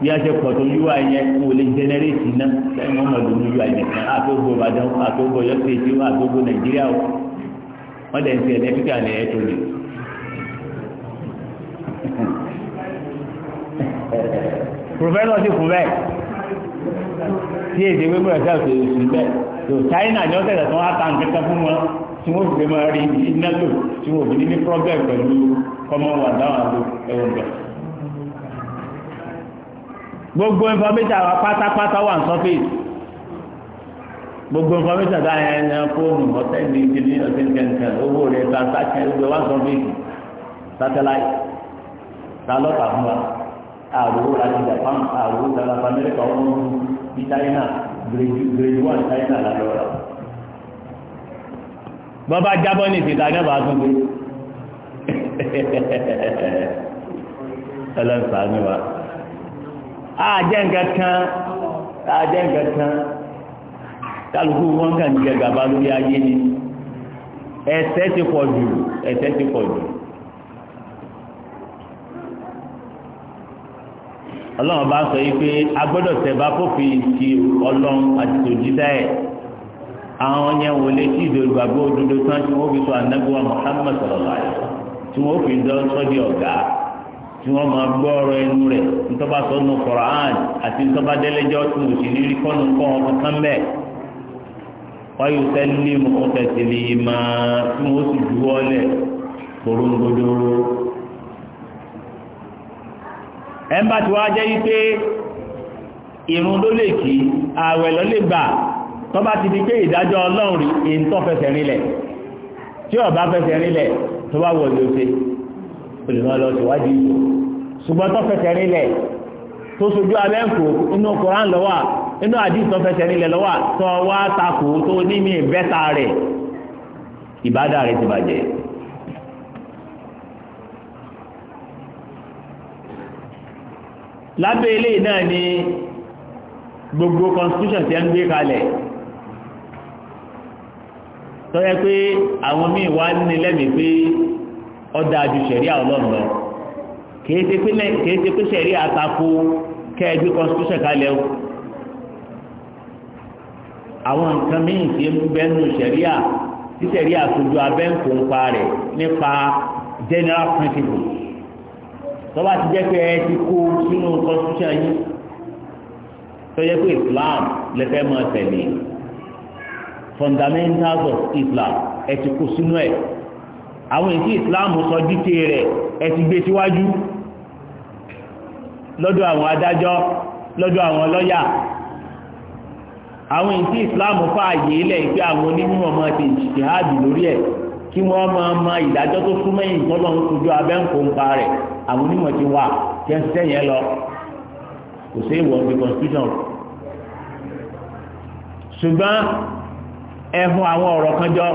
bí a ṣe pọ̀ tó yíwá yẹn wò lè jẹnẹrétì náà sẹ́yìn wọn mọ̀ lónìí yíwá yẹn kan àtògbò ìbàdàn àtògbò yọ̀sẹ̀ èdè wọn àtògbò nàìjíríà o wọ́n dẹ̀ ń fi ẹ̀lẹ́tíríkà ní ẹ̀ tó lè. pòfẹ́sọ̀ ti fún bẹ́ẹ̀ tí èdè wíwọ̀ ẹ̀ṣẹ̀ òṣèlú sí bẹ́ẹ̀ tó China ni ó tẹ̀lé tó wá ta nǹkan fún wọn tí wọ́n gbé máa rí iná lò tí wọ́n òbí ní problem pẹ̀lú common one dáhùn àlò ẹ̀wọ̀n gbà. gbogbo information àwọn pátápátá wà ní surface gbogbo information dáhùn ẹ̀yàn ẹ̀yàn fóònù ọ̀sẹ̀ ní ìdílé ọ̀sẹ̀ ní kẹ̀kẹ́ owó rẹ̀ transaction gbogbo wà ní surface satellite ta lọ́ta fún wa àrùwò láti Japan àrùwò láti Amẹ́ríkà ọ̀hún ní China grade one China lálọ́ra bọ́bá jábọ́ ní ìfìta gẹ́bà tún gbé ẹlẹ́sà ní wa àjẹ́ nǹkan kan àjẹ́ nǹkan kan kálukú wọn kàn jẹ gàba lórí ayé ni ẹ̀ṣẹ̀ ti pọ̀ jù ẹ̀ṣẹ̀ ti pọ̀ jù ọlọ́run bá sọ yìí pé a gbọ́dọ̀ tẹ̀ bá fòfin ti ọlọ́run àti tòjíṣẹ́ ẹ̀. àwọn yẹn wò lé tí ìdòlùgbàgbọ́ òdodo tán tí wọ́n fi sọ anágbèwà Muhammad sọ̀rọ̀ àyè tí wọ́n fi dán sọ́dí ọ̀gá tí wọ́n máa gbọ́ ọ̀rọ̀ ẹnu rẹ̀ ntọ́ba sọ́nu Quran àti ntọ́ba délẹ́jọ́ tí mo sì nírí kan bẹ́ẹ̀ ni máa tí wọ́n sì tó bá ti di pé ìdájọ́ ọlọ́run rí èyí tó fẹsẹ̀ rinlẹ̀ tí ó bá fẹsẹ̀ rinlẹ̀ tó bá wọ̀ ló ṣe olùmọ̀ lọ síwájú ìlú ṣùgbọ́n tó fẹsẹ̀ rinlẹ̀ tó sojú abẹ́ǹkò inú koran lọ́wà inú àdìs tó fẹsẹ̀ rinlẹ̀ lọ́wà tó wá takò tó ní mi bẹ́ta rẹ̀ ìbádà rẹ̀ ti bàjẹ́ lábẹ́ ilé náà ni gbogbo constitution ti ń gbé kalẹ̀ tọ́jẹ́ pé àwọn míì wá ní lẹ́mìí pé ọ̀dà ju sẹ̀ríà ọlọ́run lọ kìí ṣe pé sẹ̀ríà tako kẹ́ẹ̀gbé constitution kalẹ̀ o àwọn nǹkan míì tí ń bẹ́nu sẹ̀ríà tí sẹ̀ríà sojú abẹ́ ń kó ń pa rẹ̀ nípa general principle tọ́ba ti jẹ́ pé ẹ ti kó sínú constitution yìí tọ́jẹ́ pé Islam lẹ́fẹ́ máa tẹ̀lé fundamentals of Islam ẹ ti kó sínú ẹ̀ àwọn èsì Islam sọ díté rẹ̀ ẹ ti gbé síwájú lọ́dọ̀ àwọn adájọ́ lọ́dọ̀ àwọn lọ́yà àwọn èsì Islam fààyè ilẹ̀ ìpé àwọn onímọ̀ máa ti jihad lórí ẹ̀ kí wọ́n máa ma ìdájọ́ tó súnmọ́ yìí tọ́lọ́ ń kojú abẹ́ ń kó ń pa rẹ̀ àwọn onímọ̀ ti wà tí ń sẹ́ yẹn lọ kò sí ìwọ̀n bí constitution ṣùgbọ́n ẹ̀hún àwọn ọ̀rọ̀ kan jọ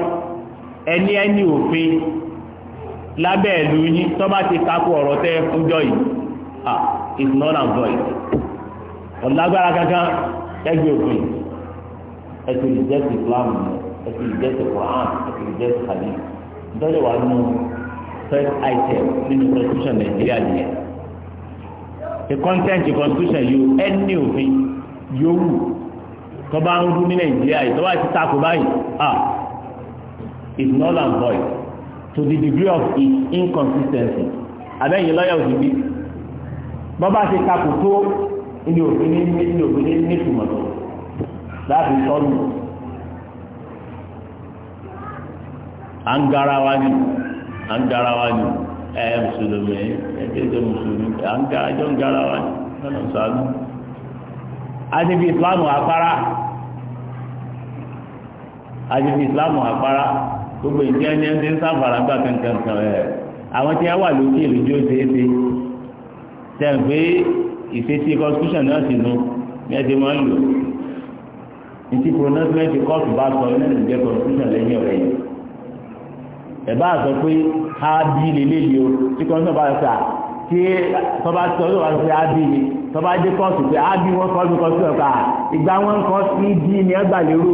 ẹni ẹni òfin lábẹ́ ìlú yín bá ti takò ọ̀rọ̀ tẹ́ fún jọ yìí ah it's not and void ọ̀lágbára kankan ẹgbẹ́ òfin ẹ̀sìn ìjẹ́sì Islam ẹ̀sìn ìjẹ́sì Quran ẹ̀sìn ìjẹ́sì hadith ìtọ́jú wa first item nínú constitution Nàìjíríà nìyẹn the content the constitution yóò ẹni òfin yóò wù tó bá ń rú ní nàìjíríà yìí tó ti takò báyìí ah it's not and void to the degree of its inconsistency abẹ́yìn lọ́yà òsì bí bọ́ bá ti takò tó ní òfin ní ní òfin ní nítumọ̀ tó láti sọ́nù à ń gara wa ni à ń gara wa ni ẹ mùsùlùmí ẹ tẹ́tẹ́ mùsùlùmí à ń gara jọ ń gara wa a ti fi ìsìlámù afárá àjẹsí ìsìlámù àpárá gbogbo ìjẹ́ ẹni ẹni ń sáfàrà gbà kankankan ẹ̀ àwọn tí a wà lókè ìlú jó ṣe é ṣe tẹ̀ pé ìṣesí constitution náà sì nu ní ẹsẹ̀ máa ń lò ní ti pronouncement court bá sọ ní ìjẹ́ constitution lẹ́yìn ọ̀rẹ́ yìí ẹ̀bá sọ pé a bí lélẹ́yìí o tí constitution bá sọ tí tọ́ba sọ ló wà ló pé a bí ni tọ́ba dé kóòtù pé a bí wọn kọ́ mi kọ́ sí ọ̀ka ìgbà wọn kọ́ sí bí ni ẹgbàá lérò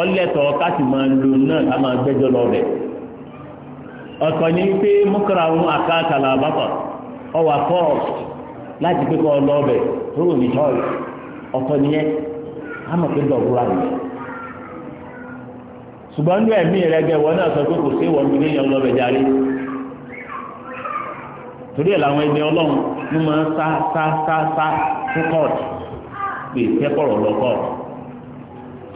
ọlẹ́tọ̀ káti máa lò náà a máa gbẹ́jọ́ lọ rẹ̀ ọ̀tọ̀ ní pé mọ́kàrà ń àkáàkàlà àbápà ọwà fọ́ọ̀sì láti pé kọ́ lọ rẹ̀ tó rò ní tọ́ọ̀rì ọ̀tọ̀ nìyẹn á mọ̀ pé rẹ̀ ṣùgbọ́n ní ẹ̀mí rẹ̀ gẹ̀ wọ́n náà sọ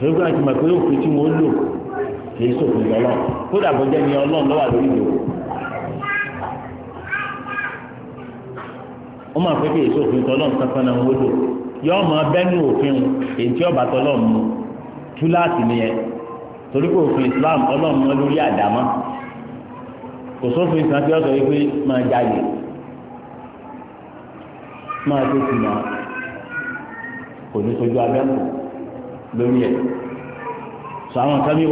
torí àti mọ̀ pé òfin tí wọ́n lò kìí sòfin lọ́lọ́ kódà bó jẹ́ ní ọlọ́run lọ́wọ́ lórí ìlú wọ́n máa fẹ́ kìí sòfin tọ́lọ́run wọ́n lò bẹ́nu òfin èyí ọba tọ́lọ́run mu nìyẹn òfin Islam ọlọ́run mọ́ lórí àdámọ́ kò sófin ọ̀sọ̀ wípé máa jáde máa tó lórí ẹ̀ sọ àwọn nǹkan mi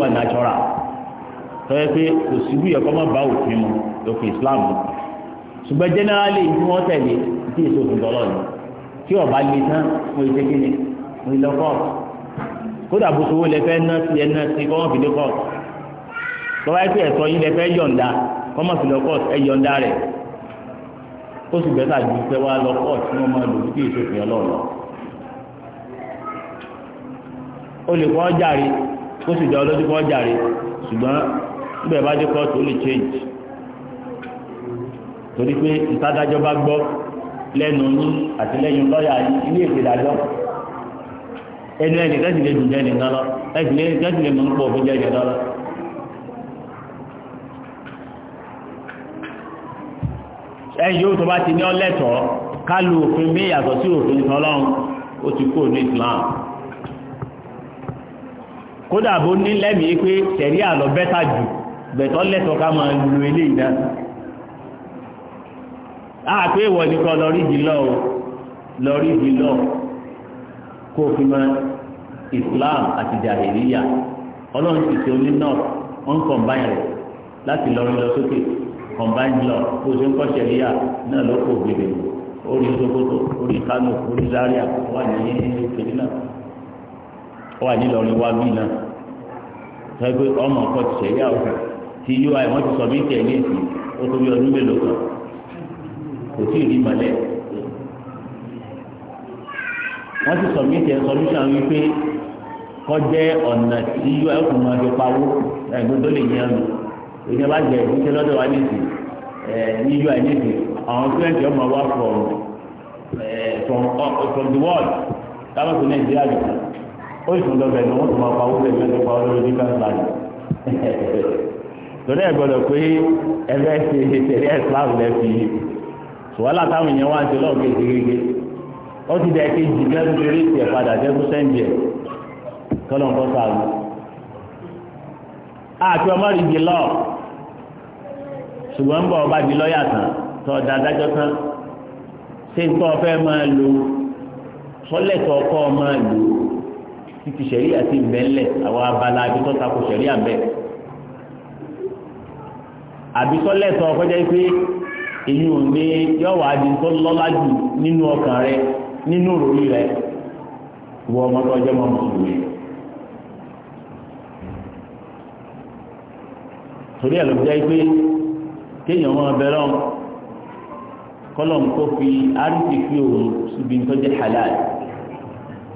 tọ́yẹ pé kò síbú yẹ kọ́ bá òfin mu òfin Islam ṣùgbọ́n jẹ́nẹ́rálì tí wọ́n tẹ̀lé tí èso òfin tọ́lọ̀ ni tí ọba lè tán mo ṣe kí ni mo lọ kódà bó sowó lẹ fẹ́ ná sí ẹ ná sí kọ́ wọ́n fi dé tọ́wọ́ ẹ pé yín lẹ fẹ́ yọ̀ǹda kọ́ ó lè kọ́ jàre kó sì jọ lójú kọ́ jàre ṣùgbọ́n níbẹ̀ bá dé kóòtù ó lè change torí pé ìtadájọ́ bá gbọ́ lẹ́nu yín ilé ẹni kẹ́sì lè dùn jẹ́ni lọ́lọ́ kẹ́sì lè ń pọ̀ fún jẹ́jẹ́ lọ́lọ́. yóò tó bá ti ní ọlẹ́tọ̀ọ́ ká òfin mí yàtọ̀ sí òfin tọ́lọ́run ó ti kúrò kódà bụ ní lẹ́mí pé tẹ̀rí àlọ́ bẹ́tà jù bẹ̀tọ́ lẹ́tọ̀ọ́ ma máa lo eléyìí àpé ìwọ nìkan o lọ jìlọ fi Islam àti jàhìlíyà ọlọ́run ti ṣe oní náà wọ́n kọ̀ǹbáyìn rẹ̀ láti lọ sókè ṣe ń kọ́ ṣẹ̀ríyà náà gbèbè orí Kano orí Zaria wà ní wà nílọrin wá bí náà sọgbẹ ọmọ ọkọ ti sẹ yà ọkọ ti ui wọn ti sọ mí tẹ ní èsì ó tó bí ọdún mélòó kan kò tí ì rí mọ́lẹ̀ wọn ti sọ mí tẹ solution wípé kọjẹ ọ̀nà tí ui ọkọ máa fi pawó ẹgbẹ́ tó lè yẹn lò èyí bá jẹ ìdíje lọ́dọ̀ wa ní èsì ní ui ní èsì àwọn fúlẹ̀ǹtì ọmọ wa from from from the world táwọn tó nàìjíríà lò kàn. o sì tún wọ́n tún máa pa owó bẹ̀rẹ̀ pa olórí ní káńtàlì torí ẹ̀ pé ẹgbẹ́ ṣe ìṣẹ̀lẹ̀ islam lẹ́fi ṣùwọ́n látàwọn èèyàn wá ṣe lọ́ọ̀kẹ́ ìṣeré ó ti dẹ̀ ìṣẹ̀ padà ọba di lọ́ọ̀yà tán tọ́ da adájọ́ tán ṣé ń tọ́ fẹ́ máa máa títí sẹ̀rí àti ìbẹ́lẹ̀ àwọn abala abitọ́ tako sẹ̀rí àbẹ́ àbitọ́ lẹ́sọ̀ kọjá pé èyí ò ní yọ̀wọ̀ àdìsọ́ lọ́lá jù nínú ọkàn rẹ nínú òròrí rẹ wọ ọmọ tó jẹ́ mọ́ mùsùlùmí. torí ẹ̀ ló jẹ́ pé kéèyàn máa bẹ̀rọ̀ kọ́lọ̀ ń kó fi àrísìkí òun síbi tó jẹ́ halal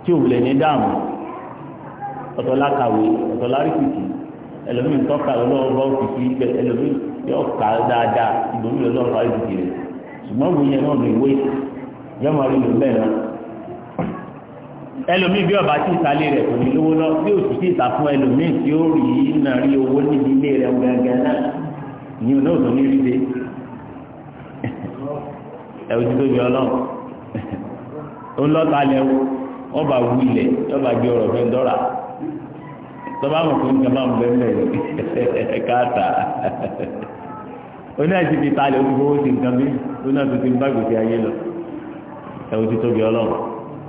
tí òun lè ní dáàmú ọ̀tọ̀ lákàwé ọ̀tọ̀ láríkìtì ẹlòmíì tọ́ka lọ́wọ́ fìfì ibẹ̀ ẹlòmíì yóò kà á dáadáa ìbomi lọ́wọ́ fà ìdìdì rẹ̀ ṣùgbọ́n òun yẹn náà lè wé yọmọ rí lò bẹ́ẹ̀ náà ẹlòmíì bí ọba tí ìsàlẹ̀ rẹ̀ kò ní lówó lọ bí òtún tí ìta fún ẹlòmíì tí ó rí iná rí owó níbi ilé rẹ̀ gẹ́gẹ́ náà ní ọ̀nà òtún ní rí de ẹ ojú tó bí ọlọ́run ó ń lọ́ta lẹ́wọ́ ọba wú ilẹ̀ ọba gbé ọ̀rọ̀ fẹ́ dọ́ra tọ́ba mọ̀ fún nǹkan máa ń bẹ́ẹ̀ lẹ̀ [LAUGHS] káàtà oní àti ti taalẹ̀ ojú owó ti nǹkan bí oní àti ti ń bá gbèsè ayé lọ ẹ̀wọ̀n ti tóbi ọlọ́run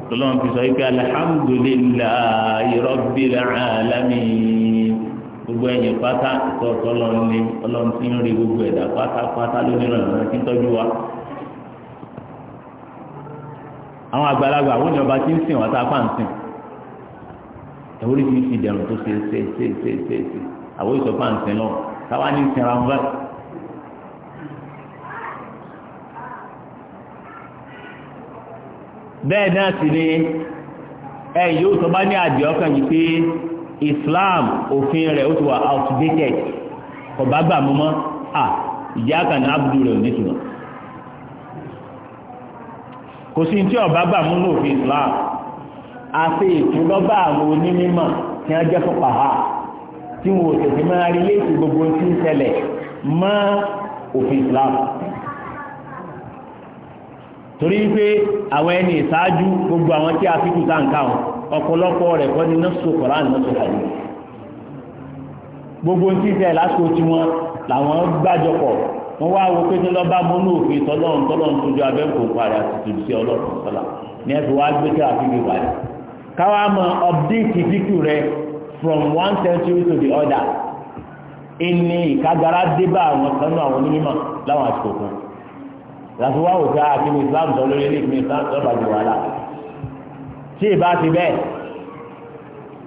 tọ́lọ́run fi sọ pé alhamdulillahi rabbil alamin gbogbo ẹ̀yìn pátá ìtọ́ tọ́lọ́run ni ọlọ́run ti ń rí gbogbo ẹ̀dá pátápátá lónìí rẹ̀ lọ́nà tí ń tọ́jú wa. àwọn àgbàlagbà àwọn ìjọba ti ń sìn wọ́n tá a pa ń sìn ẹ̀wọ́n fi fi dẹ̀rùn tó ṣe ṣe ṣe ṣe ṣe ṣe àwọn ìsọ̀fà ń sẹ́ náà táwa ní ìsẹ̀ra ń bá. bẹ́ẹ̀ náà sì ni ẹ yóò sọ bá ní àdìẹ́ ọkàn yìí pé Islam òfin rẹ̀ ó ti wà outdated kò bá gbà mọ́ mọ́ à ìyá kan ní abudu rẹ̀ ò ní tùmọ̀ kò sí ní tí ọba gbà mú ní òfin Islam àti ìfúnlọ́bà àwọn onímọ̀ tí wọ́n jẹ́ fọ́pà á tí wọ́n tètè máa rí léèkì gbogbo tí ń ṣẹlẹ̀ mọ́ òfin Islam torí pé àwọn ẹni ìṣáájú gbogbo àwọn tí a fi kú sáǹkà wọn ọ̀pọ̀lọpọ̀ rẹ̀ kọ́ ni nọ́ọ̀sù kọ̀ọ̀rọ̀ àti nọ́ọ̀sù kàdé gbogbo ń tí ń ṣẹlẹ̀ lásìkò tiwọn làwọn gbàjọpọ̀ wọ́n wá wo pé tí lọ́ba mọ́nú òfin tọ́lọ́run tọ́lọ́run tójú abẹ́kòó parí àti tòjú sí ọlọ́run sọ́la ní ẹ̀fọ́ wá gbé tí a fi gbé parí káwá mọ update fíkù rẹ from one century to the other ìní ìkágara débà àwọn kan náà àwọn onímọ̀ láwọn àsìkò kan láti wá òkè àkínní ah, Islam sọ lórí ilé ìpínlẹ̀ Islam sọ bàjẹ́ wàhálà tí ì bá ti bẹ́ẹ̀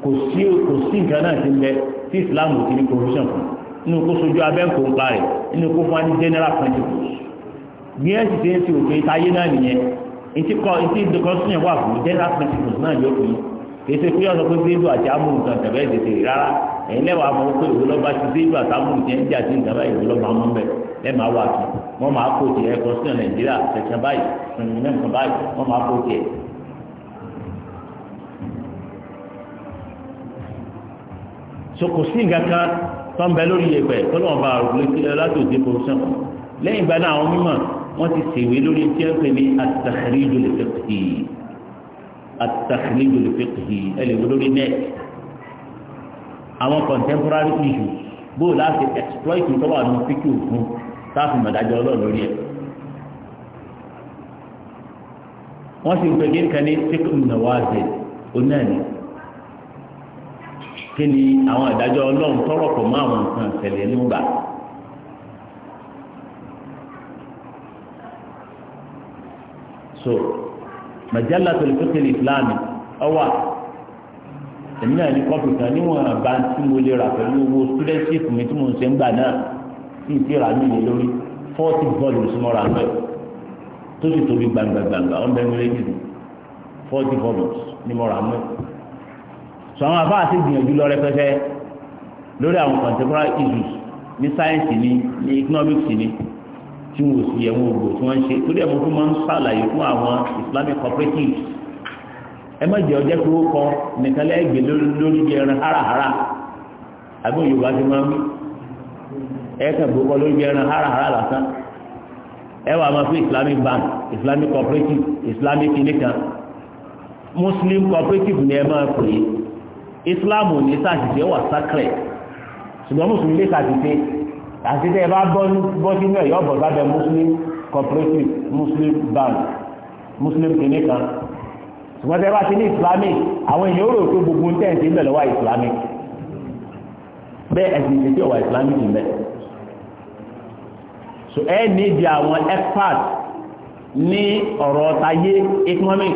kò sí kò sí nǹkan náà ti ń bẹ tí Islam ò ti ní provision fún inú kó sojú abẹ́ nǹkó ń parẹ̀ inú kó fún wa ní general principles bí ẹ̀ sì ti ń ti òkè táyé náà nìyẹn ntí kọ ntí dọkọtún yẹn wà fún general principles náà yóò fún yín kèsì pé ọ̀sán pé zéèdù àti amúlù kan tẹ̀lé tètè rárá ẹ̀yin lẹ́wọ̀ àmọ́ pé ìwé ti zéèdù àti amúlù tiẹ̀ ń jà sí ìgbà báyìí ọmọ bẹ̀ lẹ́ẹ̀ma wà kí wọ́n máa kó tiẹ̀ ẹ̀kọ́ sí nàìjíríà tẹ̀sán báyìí tẹ̀sán mẹ́mkan báyìí wọ́n máa kó tiẹ̀. sokosi nǹkan tó ń bẹ lórí yẹpẹ tó lọ́wọ́ bá wọ́n ti ṣèwé lórí tí wọ́n pè ní at-takhrij al-fiqhi at-takhrij al-fiqhi ẹlẹ́wọ́ lórí net àwọn contemporary issues bóò láti exploit tó wà ní fíkì òkun táàfin mọ̀dájọ́ ọlọ́run lórí ẹ̀ wọ́n sì ń pè kéka ní fíkì nawazil onáàní kí ni àwọn ìdájọ́ ọlọ́run tọrọ pọ̀ mọ́ àwọn nǹkan ìṣẹ̀lẹ̀ nígbà. so majalatul fiqh al-islami ọwà èmi náà ní kọ́pì kan níwọ̀n bá tí mo lè rà pẹ̀lú owó studentship mi tí mo ń ṣe ń gbà náà sì ti rà mí lé lórí forty volumes mo rà mẹ́ tó sì tóbi gbàngbàngbàngbà ọ̀n bẹ́ẹ̀ mẹ́rẹ́ nìyí forty volumes ni mo rà mẹ́ sọ àwọn afáà sì gbìyànjú lọ rẹpẹtẹ lórí àwọn contemporary issues ní sáyẹ́ǹsì ni ní economics ni. tí wọn ò sì ògbò tí wọ́n ń ṣe torí ẹ̀mọ́ tó máa ń ṣàlàyé fún àwọn islamic cooperatives ẹ má jẹ́ ọjọ́ kọ nìkan lórí bí ẹran háràhárà àbúrò yorùbá ti máa ń ẹ kàn kọ lórí ẹran háràhárà islamic bank islamic cooperative islamic nìkan muslim cooperative ni ẹ máa pè é islam ò ní sáà ti ṣe wà àti tẹ́ ẹ bá bọ́ sínú ẹ̀ yọ bọ̀ sábẹ́ muslim cooperative muslim bank muslim clinic kan ṣùgbọ́n tẹ́ bá ti ní islamic àwọn èèyàn rò pé gbogbo ń tẹ̀sí ń bẹ̀ lọ́wọ́ islamic bẹ́ẹ̀ ẹ̀sìn ìṣètì ọ̀wà islamic ń bẹ̀ so ẹ ní di àwọn expert ní ọ̀rọ̀ tayé economic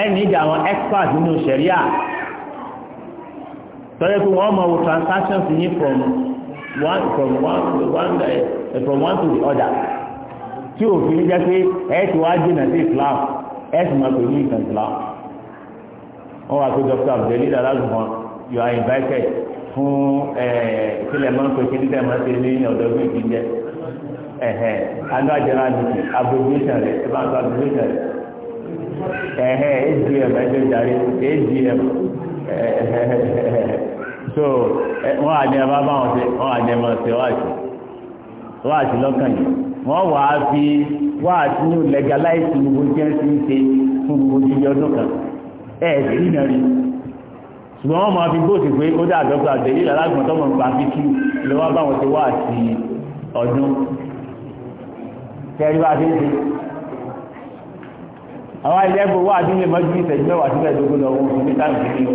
ẹ ní di àwọn expert nínú sharia tọ́jú pé wọ́n mọ̀ wò transactions yín from one from one to one uh, from one to the other tí òfin jẹ́ pé ẹ ti wá jìnnà sí Islam ẹ sì máa pè ní ìtàn Islam wọ́n wá pé Dr. Abdulayi Dalagun you are invited fún ìpínlẹ̀ eh, máa ń pè kí nígbà máa ń pè ní ọ̀dọ́ bí ìdí jẹ́ ẹ̀hẹ́ aná àjẹrà ni abrogation rẹ̀ ẹ bá ń sọ abrogation rẹ̀ ẹ̀hẹ́ adm ẹ̀jẹ̀ jàre adm ẹ̀hẹ́ so wọ́n àdé ẹ bá bá wọn ṣe wọ́n àdé ẹ máa ṣe wáàsí wáàsí lọ́kàn yìí wọ́n wà á fi wáàsí ní legalize gbogbo jẹ́ sí ń ṣe fún gbogbo jíjẹ ọdún kan ẹ̀ sí náà rí ṣùgbọ́n wọ́n máa fi gbóòsì pé ó dá àdọ́gba àdèyí lálágbọ̀n tọ́mọ̀ nípa fífi lè wá bá wọn ṣe wáàsí ọdún tẹ́rí wá sí ń ṣe àwọn ilé ẹgbẹ́ wáàsí lè mọ́jú ìṣẹ́jú mẹ́wàá sílẹ̀ dógún lọ́wọ́ fún ní táìmù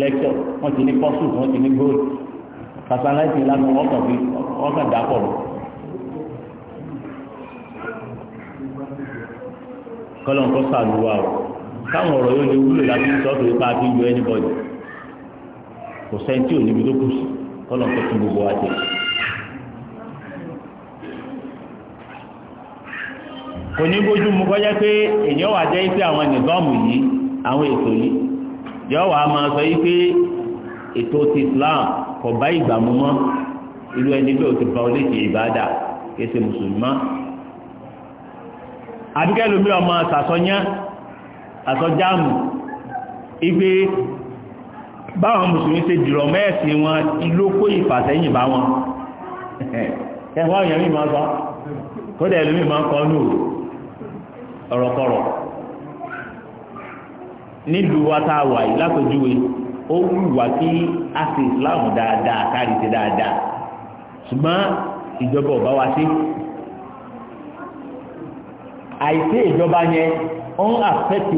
lẹ́kítọ̀ wọ́n ti ní pọ́sù wọ́n ti ní góòlù fasalaiti lanu ọkàn fi ọkàn dàpọ̀ lọ. kọ́lọ́n kọ́ sàlùwà o káwọn ọ̀rọ̀ yóò lè wúlò láti sọ́ọ̀tù ipa fi yọ ẹnibọ̀dì kò sẹ́ńtì ò níbi tó kù sí kọ́lọ́n kọ́ tún gbogbo wa jẹ. kò ní bójú mu kọjá pé èèyàn wà jẹ́ ipe àwọn nìbámu yìí àwọn ètò yìí yọ wàá máa sọ yìí pé ètò ti Islam kò bá ìgbà mu mọ́ irú ẹni bí o ti ba oléṣe ìbáàdà kéṣe mùsùlùmá àbíkẹ́ lómi ọmọ sàsọyán àsọjáàmù ibi báwọn mùsùlùmí ṣe dìrọ̀ mẹ́ẹ̀sì wọn ìlú kó ìfàsẹ́yìn bá wọn ẹ̀wọ́n èèyàn mi máa sọ kódà ẹlòmíì máa ń kọ́ nù ọ̀rọ̀kọ̀rọ̀ nílùú wa tá a wà yìí lápèjúwe ó wù wá kí a ṣe islam dáadáa kárí ṣe dáadáa ṣùgbọ́n ìjọba ọba wa ṣe àìsí ìjọba yẹn ó ń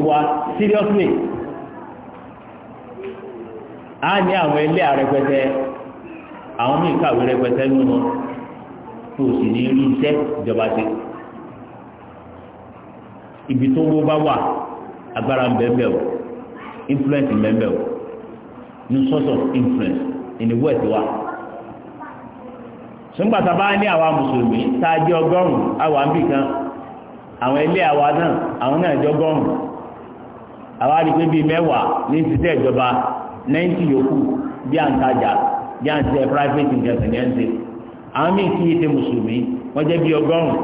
wa seriously a ní àwọn ilé àrẹpẹtẹ àwọn míì kàwé rẹpẹtẹ tó sì ní ibi tó bá influence member o ní source of influence in the west wa sùgbàtà bá ní àwa mùsùlùmí tá a jẹ́ ọgọ́rùn-ún àwa ń bì kan àwọn ilé àwa náà àwọn náà jẹ́ ọgọ́rùn-ún àwa rí pé bíi mẹ́wàá ní ìsìtẹ́ ìjọba náìtì yòókù bí à ń tajà bí à ń ṣe private investment ẹ̀ ń ṣe àwọn míì kí ṣe mùsùlùmí wọ́n jẹ́ bíi ọgọ́rùn-ún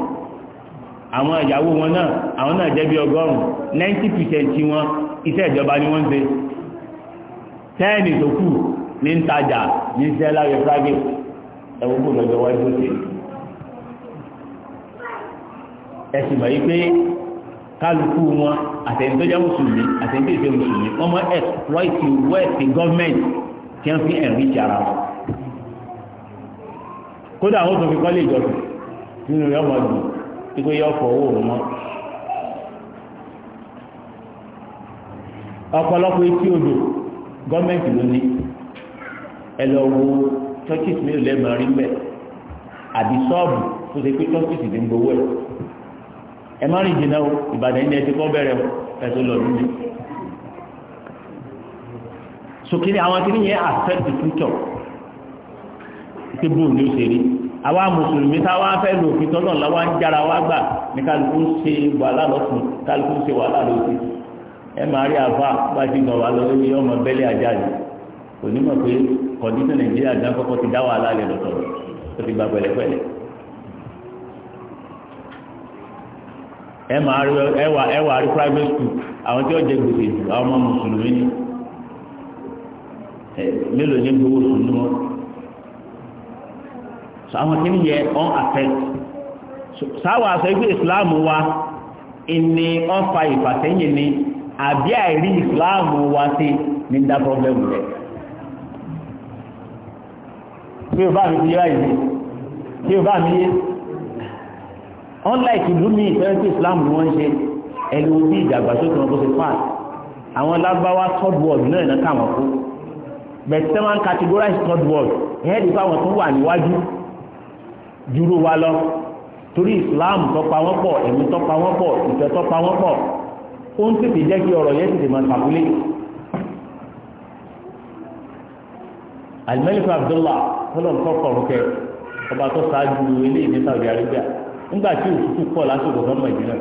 àwọn ìyàwó wọn náà àwọn náà jẹ́ bíi wọn iṣẹ́ ìjọba ni wọ́n ń ṣe tẹ́ẹ̀nì tó kù ní ń tajà ní iṣẹ́ láyé private ẹ̀wọ́n kò lọ́jọ́ wáyé tó ṣe ẹ̀sìn mọ̀ yí pé kálukú wọn àtẹ̀yìn tó jẹ́ mùsùlùmí àtẹ̀yìn tó jẹ́ mùsùlùmí wọ́n mọ exploit west government tí wọ́n fi enrich ara wọn kódà wọ́n tún fi kọ́lé ìjọba nínú yọmọdún ikú yọ fọ owó wọn ọ̀pọ̀lọpọ̀ etí odò gọ́ọ̀mẹ̀ntì ló ní ẹ lọ wo churches mi ò lẹ́mọ̀ rí mbẹ́ àbí sọ́ọ̀bù tó ṣe pé churches ti ń gbowó ẹ̀ ẹ má rìn jìnnà o ìbàdàn ní ẹ ti kọ́ o ẹ tó lọ nílé sókèrè àwọn kìíní yẹn affect the future ìpè bóun ni ó ṣe rí àwa mùsùlùmí táwa fẹ́ lò òfin tọ́lọ̀ làwa ń jára wá gbà ní kálukú ń ṣe wàhálà lọ́kùn kálukú ṣe wàhálà lọ́sìn ẹ máa rí àfa bá ti gbọ̀n wá lọ́wọ́ ní ọmọ bẹ́lẹ̀ ajá yìí kò ní mọ̀ pé kọ̀díṣà nàìjíríà gan kọ́kọ́ ti dá wàhálà rẹ̀ lọ́tọ̀ tó ti gba pẹ̀lẹ́pẹ̀lẹ́ ẹ máa rí ẹwà ẹwà rí private school àwọn tí ó jẹ gbèsè jù àwọn ọmọ mùsùlùmí ni mélòó ní gbowó sùn ní wọn so àwọn kìíní yẹ ọ́n àfẹ́ sáwà sọ pé ìsìláàmù wa ìní ọ̀fà ìfàsẹ́yìn ni àbí àìrí ìsìláàmù wa sí ní dá pọ́blẹ́mù rẹ̀ tí o bá mi ti yá ìdí tí o bá mi yé unlike ìlú mi ìfẹ́ tí ìsìláàmù ni wọ́n ń ṣe ẹni o bí ìdàgbàsókè wọn kó ṣe fáà àwọn lábáwá third world náà iná káwọn kó bẹ̀tẹ̀ tẹ́ máa ń categorize third world ẹ̀ẹ́dì fáwọn tó wà níwájú dúró wa lọ torí ìsìláàmù tó pa wọ́n pọ̀ ẹ̀mí tó pa wọ́n pọ̀ ìfẹ́ tó ó ń tètè jẹ́ kí ọ̀rọ̀ yẹn tètè máa tàbúlé alimẹ́lẹ́kọ̀ Abdullah fọlọ́n kọ́ kọ̀ọ̀rọ̀ ọba tó Arabia nígbà tí òtútù pọ̀ lásìkò fún Mẹdínà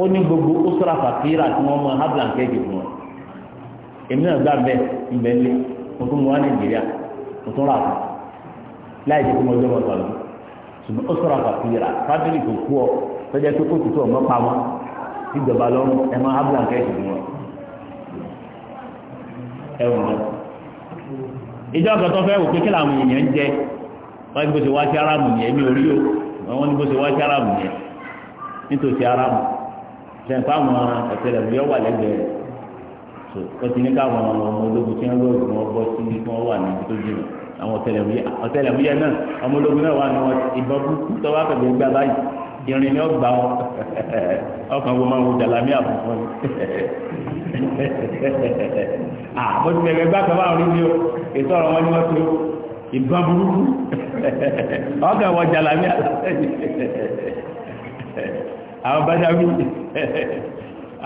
ó ní gbogbo ó sọ́ra fàkírà tí wọ́n mọ hablan kẹ́jì fún wọn èmi náà gbà bẹ́ẹ̀ ìbẹ̀ ńlẹ̀ mo tún mọ Nàìjíríà mo tún rà fún láì jẹ́ kí mo mọ́ sọ̀rọ̀ ṣùgbọ́n ó sọ́ra fábílì kú ọ ìjọba lọ́rùn ẹ máa abúlà kẹ́sì fún wọn ẹ wọ̀n lọ. ìjọ kan tó fẹ́ wò pé kí làwọn èèyàn ń jẹ wọ́n ní bó ṣe wá sí aráàmù yẹn mi ò rí o wọ́n ní bó ṣe wá sí aráàmù yẹn nítòsí aráàmù sẹ́ńpá àwọn ọ̀tẹlẹ̀múyẹ́ wà lẹ́gbẹ̀ẹ́ rẹ̀ so wọ́n ti ní káwọn ọmọ ológun tí wọ́n lọ́ọ̀dù wọn bọ́ sí kí wọ́n wà ní ibi tó jìnnà àwọn ọ̀tẹlẹ̀múyẹ́ náà ọmọ ológun náà wà ní wọn ìbọn kú tọ́wọ́ àfẹ̀gbẹ́ gbá báyìí irin ni ó gbà ọ [LAUGHS] ọkàn wo máa wo jalami àbùkù ni àbọ̀ tí bẹ̀rẹ̀ gbà kọ́bá òní ni ó ètò ọ̀rọ̀ wọn ni wọ́n tó ìbọn burúkú [LAUGHS] ọkàn wọ jalami [LAUGHS] àwọn bájá wí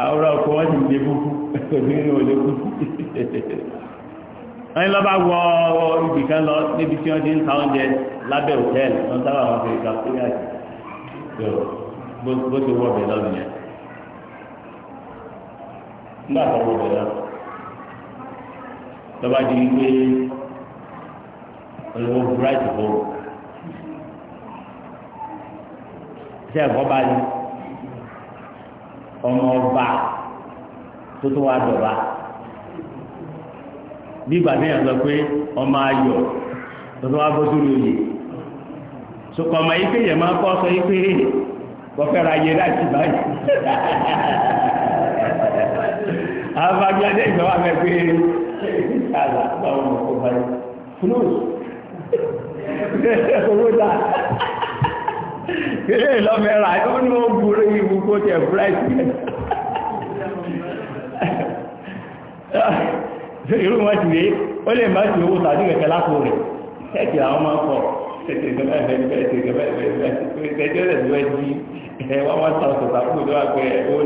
àwọn ọkọ̀ wọn ti lè búkú obìnrin ò lè kú wọ́n lọ bá wọ ibìkan lọ níbi tí wọ́n ti ń ta oúnjẹ lábẹ́ òtẹ́ẹ̀lì wọ́n sábà wọn fi ìgbà kúrẹ́ bó ti wọ́ bẹ̀ lọ́nà yẹn nígbà tó wọ́ bẹ̀ lọ́nà lọ́ba di pé olùwọ́ bright ball ṣe ẹ̀kọ́ bá yẹ ọmọ ọba tó tó wá dọ̀ba bí ìgbà tí pé ọmọ ayọ̀ tó tó wá bọ́ sórí oyè sọkọ ọmọ yìí pé yẹn máa kọ́ sọ yìí pé kọfẹ́ ra yẹ láti báyìí àwọn agbẹ́dẹ́ ìgbàwà mẹ́ pé ìṣàlá báwọn ọkọ̀ báyìí close owó dá kéré lọ́mẹ́ra ó ní ó gúrú ìwú kó tẹ̀ bright irú wọn ti rí ó lè má sí owó tàbí kẹ̀kẹ́ lápò rẹ̀ kẹ́kẹ́ àwọn máa ń pọ̀ ẹ̀tẹ̀ ìgbẹ́mẹ́ ẹ̀fẹ́ ẹ̀tẹ̀ ìgbẹ́mẹ́ ẹ̀fẹ́ ẹ̀tẹ̀ ìgbẹ́mẹ́ ẹ̀fẹ́ ẹ̀tẹ̀ ẹ̀tẹ̀ ìgbẹ́mẹ́ ẹ̀fẹ́ ẹ̀tẹ̀ ìlà ẹgbẹ́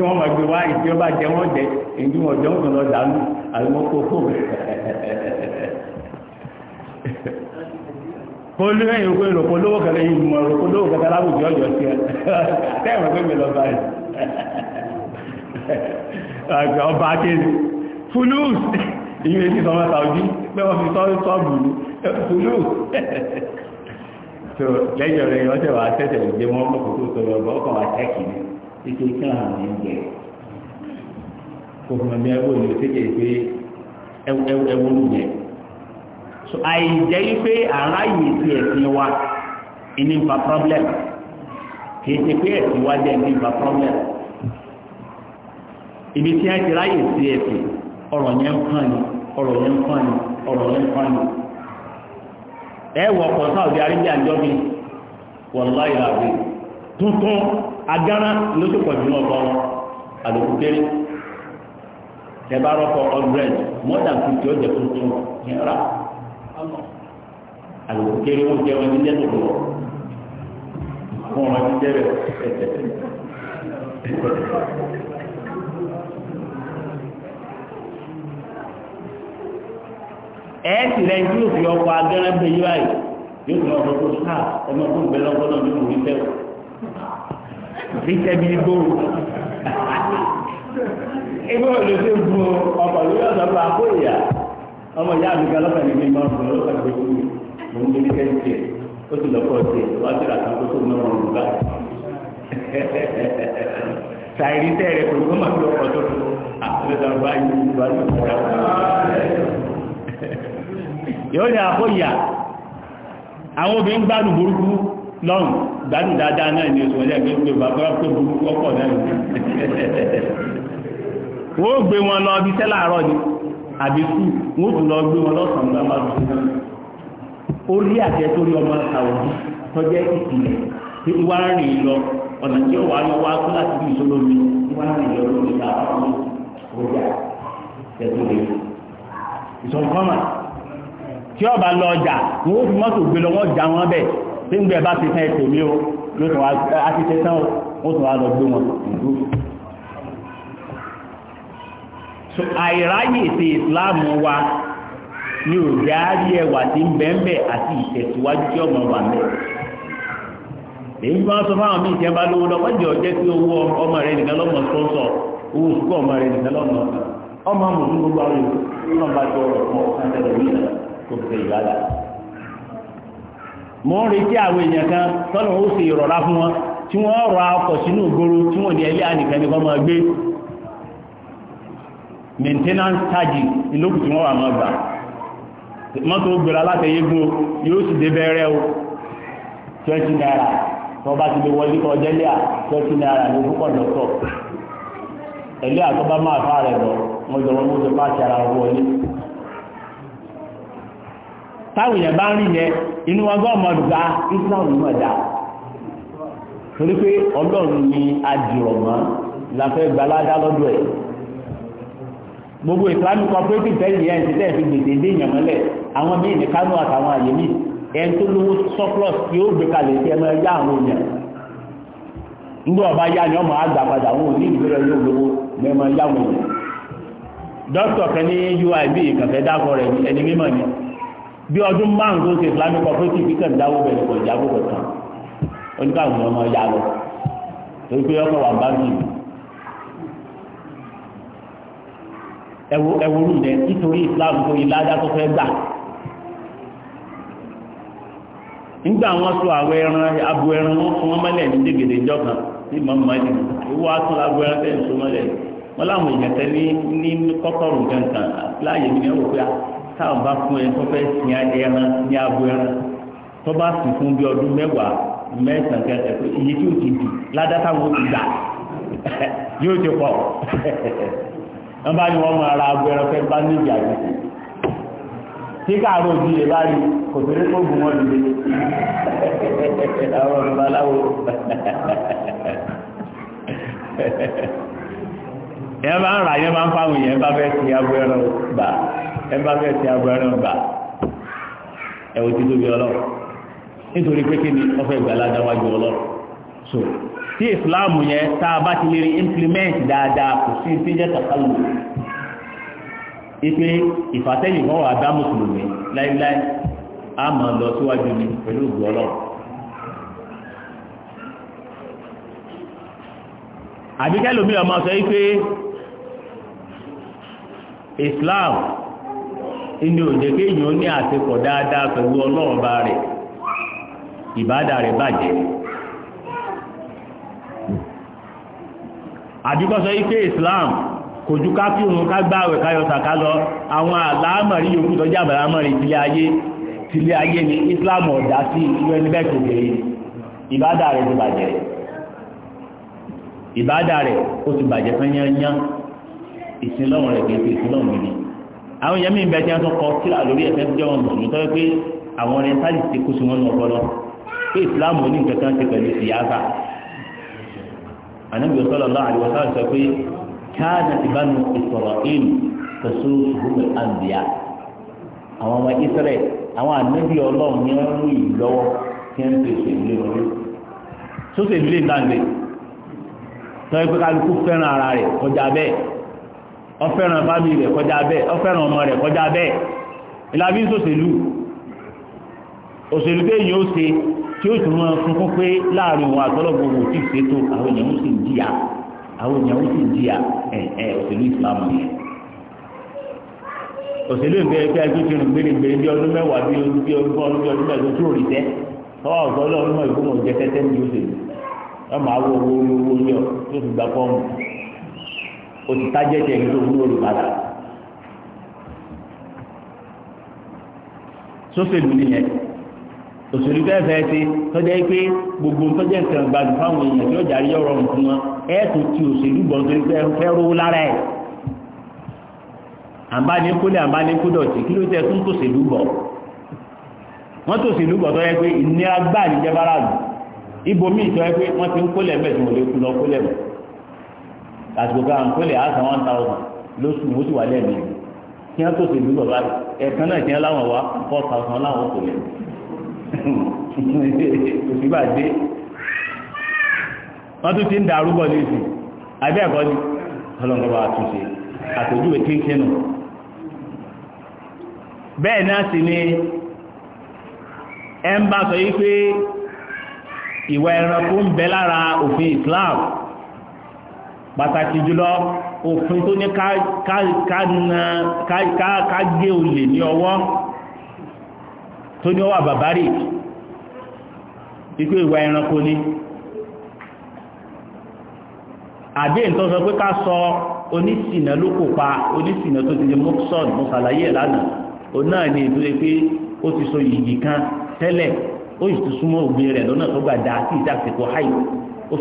wọn máa gbé wá ìdí ọba jẹ wọn jẹ ìdí wọn jẹ wọn lọ dànù àwọn ọkọ̀ fún mi mo ní ẹ̀yìn òkú ìrọ̀pọ̀ lówó kẹlẹ̀ yìí mọ̀ ìrọ̀pọ̀ lówó kẹlẹ̀ lábùjọ ọjọ́ sí ẹ [LAUGHS] tẹ́wọ̀n pé mi lọ báyìí [LAUGHS] ọba akéde fulus ìyẹn ti sọmọ sàwùjí pé wọ́n fi sọ́ọ̀bù ní fulus [LAUGHS] lẹ́yìn ọ̀rẹ́ yìí wọ́n tẹ̀ wá tẹ̀tẹ̀ ìgbé wọn mọ̀kòkò sọ̀rọ̀ ọba ọkọ̀ wa tẹ́kì ní ike kí àwọn ní gbẹ̀ kò fún mi ẹwọ́ ìlú tẹ́kẹ̀ pé ẹwọ́ ìlú yẹn àìjẹ́ wípé àráyè sí ẹ̀sìn wa ìní ń fa problem kì í ṣe pé ẹ̀sìn wa jẹ́ ìní ń fa problem ibi tí a ti ráyè sí ẹ̀sìn ọ̀rọ̀ yẹn ń kàn ní ọ̀rọ̀ yẹn ń kàn ní ọ̀rọ̀ yẹn ń kàn ní ẹ̀wọ̀ ọ̀pọ̀ sáà bí arábíà ń jọ́bi wọ̀lá ìràwé tuntun agárá ló ti pọ̀ jùlọ bọ́ àlòkù kéré tẹ bá rọ́pọ̀ hundred more than fifty ó jẹ tuntun yẹn rà àlòkù kéré wọn jẹ wọn ti jẹ tòkò wọn wọn ti jẹ bẹ ẹ sì rẹ yóò fi ọkọ agẹrẹ bẹ yí báyìí yóò fi ọkọ tó sáà ọmọ tó ń bẹ lọkọ náà nínú orí tẹ o rí tẹbi gbòòrò ẹgbẹ́ òde tó gbòòrò ọkọ̀ lórí ọ̀sán bá kó ọmọ ìyá mi gan lọ́kàn níbi máa ń bọ̀ lọ́kàn níbi kú mi mò ń gbé ní kẹ́yìn tiẹ̀ ó sì lọ́kọ̀ tiẹ̀ wá sí àtàwọn tó tó ń náwó ọ̀run bá sàìrí [LAUGHS] tẹ́rẹ̀ kò tó máa fi ọkọ̀ tó tó àtúntà báyìí ìgbà tó [LAUGHS] yóò ní àkóyà àwọn obìnrin gbádùn burúkú lọ́rùn gbádùn dáadáa náà ní oṣù ọjọ́ ìgbésẹ̀ bàbá pé burúkú ọkọ̀ náà [LAUGHS] wọ́n gbé wọn lọ ibi sẹ́láàárọ̀ ni àbíkú wọ́n tún lọ gbé wọn lọ́sàn-án bá máa dùn náà ó rí àtẹ tó rí ọmọ àwòrán tọ́jẹ́ ìpìlẹ̀ tí wá rìn lọ ọ̀nà tí ó wà lọ wá tó láti bí ìṣòro mi wá rìn lọ lórí ìta àwọn ọjà tẹ̀tù lè ìṣọ̀nkọ́mà tí ọba lọ ọjà wọ́n fi mọ́tò gbé lọ wọ́n já wọn bẹ̀ tí ń gbẹ bá ti sẹ́ ètò mi o ló tún wá á o wọ́n tún wá lọ gbé wọn ìdúró so àìráyè ṣe ìsìláàmù wa ni ò jẹ́ àárí ẹwà tí ń àti ìtẹ̀síwájú tí ọmọ wà mẹ́ èyí bá sọ fáwọn míì tí ẹ bá lówó lọ wọ́n jẹ́ ọjẹ́ owó ọmọ rẹ̀ nìkan lọ́mọ sọ́sọ́ owó ọmọ rẹ̀ nìkan lọ́mọ ọmọ gbogbo àwọn èèyàn náà bá jọ ọ̀rọ̀ fún maintenance charge ìlókù tí wọ́n wà máa mọ́tò gbèrà látẹ̀yégbó yóò sì dé o twenty naira tó bá ti lè wọlé kọ twenty naira ní púpọ̀ lọ́tọ̀ ẹ̀lẹ́ àtọ́bá máa fà rẹ̀ lọ wọ́n jọ wọn ló ti pàṣẹ ara owó wọlé táwọn èèyàn bá ń rí yẹn inú wọn gbọ́ Islam ní torí pé Ọlọ́run ni adìrọ̀mọ́ la fẹ́ lọ́dọ̀ ẹ̀ gbogbo islamic cooperative tẹ́lẹ̀ yẹn ti tẹ́ẹ̀ fi gbèsè dé èèyàn mọ́lẹ̀ àwọn míì ní kánú àtàwọn àyè míì ẹni tó lówó surplus yóò gbé kalẹ̀ sí ẹmọ àwọn ọba yá ni ọmọ àgbà padà wọn ò ní ìgbéra yóò lówó mẹ́mọ uib kàfẹ́ dákọ̀ ẹni mímọ̀ ni bí ọdún márùn tó islamic cooperative oníkàwọn ọmọ lọ torí pé wà ewu rẹ nítorí islam tó yí tó fẹ́ gbà nígbà wọn sọ àwọn ẹran abo ẹran wọn fún ní kan ní mọ̀mọ́ ẹni ìwọ ẹran mọ́lẹ̀ láwọn èèyàn ní kankan láàyè mi ní táwọn bá fún ẹ tó fẹ́ sin ẹran ní ẹran tó bá sì fún bí ọdún mẹ́wàá mẹ́sàn-án kẹsẹ̀ pé iye tí ti dì [LAUGHS] wọ́n bá ní wọ́n máa ra agbo ẹran fẹ́ bá ní ìjà yìí tí káàró ojú lè bá rí kò tó lé kóògùn wọn lè àwọn bá ń rà yẹn bá ń fáwọn èèyàn bá fẹ́ ti agbo ẹran gbà ẹ bá fẹ́ ti agbo ẹran gbà ẹ wò ti nítorí pé kí ni wọ́n fẹ́ gbà tí ìsìláàmù yẹn taa bá ti lè implement dáadáa kò sí jẹ́ tàkàlù ipe ìfàsẹ́yìn kan wà bá mùsùlùmí láíláí a máa lọ síwájú pẹ̀lú sọ Islam inú òjè kéèyàn ní àtikọ̀ dáadáa pẹ̀lú ọlọ́run rẹ̀ ìbádà rẹ̀ bàjẹ́ àdíkọ́sọ ike Islam kò ju ká kí òun ká gbáwẹ̀ káyọ sàká lọ àwọn àlámọ̀rí yòókù tó jẹ́ àbàlámọ̀rí tilé ayé tilé ayé ni Islam ọ̀dá sí ìlú ẹni bẹ́ẹ̀ kékeré ìbádà rẹ̀ ti bàjẹ́ ìbádà rẹ̀ ó ti bàjẹ́ fẹ́ yányán ìsinlọ́run rẹ̀ kéèké ìsinlọ́run gidi àwọn èèyàn mi ń bẹ tí wọ́n tún kọ ní nǹkan kan ti ànábì sallallahu alaihi wasallam sọ pé káàdà ti bá nu Isra'il tẹ̀sọ́ ṣùgbọ́n àǹbíyá àwọn ọmọ Israẹl àwọn ànábì ọlọ́run ní wọ́n ní ìlú lọ́wọ́ kí wọ́n ti ṣe ìlú lórí sóṣè ìlú lè dáńdé tọ́yẹ pé kálukú fẹ́ràn ara rẹ̀ kọjá bẹ́ẹ̀ ó fẹ́ràn fábì rẹ̀ kọjá bẹ́ẹ̀ ó fẹ́ràn ọmọ rẹ̀ kọjá bẹ́ẹ̀ ìlàbí sóṣèlú òṣèlú téèyàn ó ṣe tí ó tún máa fún fún pé láàrin òun àtọ́lọ́gbọ̀n owó tí ìṣètò àwọn èèyàn ó sì jìyà àwọn èèyàn ó sì jìyà ẹ ẹ òṣèlú ìsìlámù yẹn òṣèlú ìgbẹ́ ẹgbẹ́ ẹgbẹ́ tí òun gbére gbére bí ọdún mẹ́wàá bí ọdún bí ọdún ọdún bí ọdún mẹ́wàá tó rí tẹ́ tọ́wọ́ ọ̀sọ́ ọlọ́run náà ìfowópamọ́ jẹ tẹ́tẹ́ ní òṣèlú ọmọ òṣèlú fẹ́fẹ́ ti tọ́jẹ́ pé gbogbo tọ́jẹ́ nǹkan gbádùn fáwọn èèyàn tí ó jàrí ọ̀rọ̀ nǹkan wọn ẹ tó ti òṣèlú bọ̀ nítorí pé ẹ rówó lára ẹ̀ àbáníkólé àbáníkódọ̀tì kí ló tẹ́ tún tòṣèlú bọ̀ wọ́n tòṣèlú bọ̀ tọ́jẹ́ pé ìnira gbà ní jẹ́bára lù ibòmí ìtọ́jẹ́ pé wọ́n ti ń kólẹ̀ mẹ́tì wọlé kú lọ kólẹ̀ mọ́ àsìkò kan kólẹ̀ àṣà one thousand lóṣù mo ti wà lẹ́ẹ̀mejì kí wọ́n tòṣèlú bọ̀ báyìí ẹ̀ẹ̀kan náà ti ń láwọn wá four thousand láwọn kò lẹ́yìn kò bá dé wọ́n tún ti ń darú bọ̀ nísì àbẹ́ ẹ̀kọ́ ni ọlọ́ngọba àtúnṣe àtòjúwe kéńké nù bẹ́ẹ̀ náà sì ni ẹ ń bá sọ yí pé ẹranko ń bẹ ní ká gé ní tó ní ọwà bàbárì ikú ìwà ẹranko ní àdé ìtọ́ sọ pé ká pa onísìnà tó ti di mọ́sán mo lánàá òun náà ní pé ó ti so yìgì kan tẹ́lẹ̀ ó sì ti súnmọ́ ògbìn rẹ̀ lọ́nà tó gbà dá sí ìdásíkò háì ó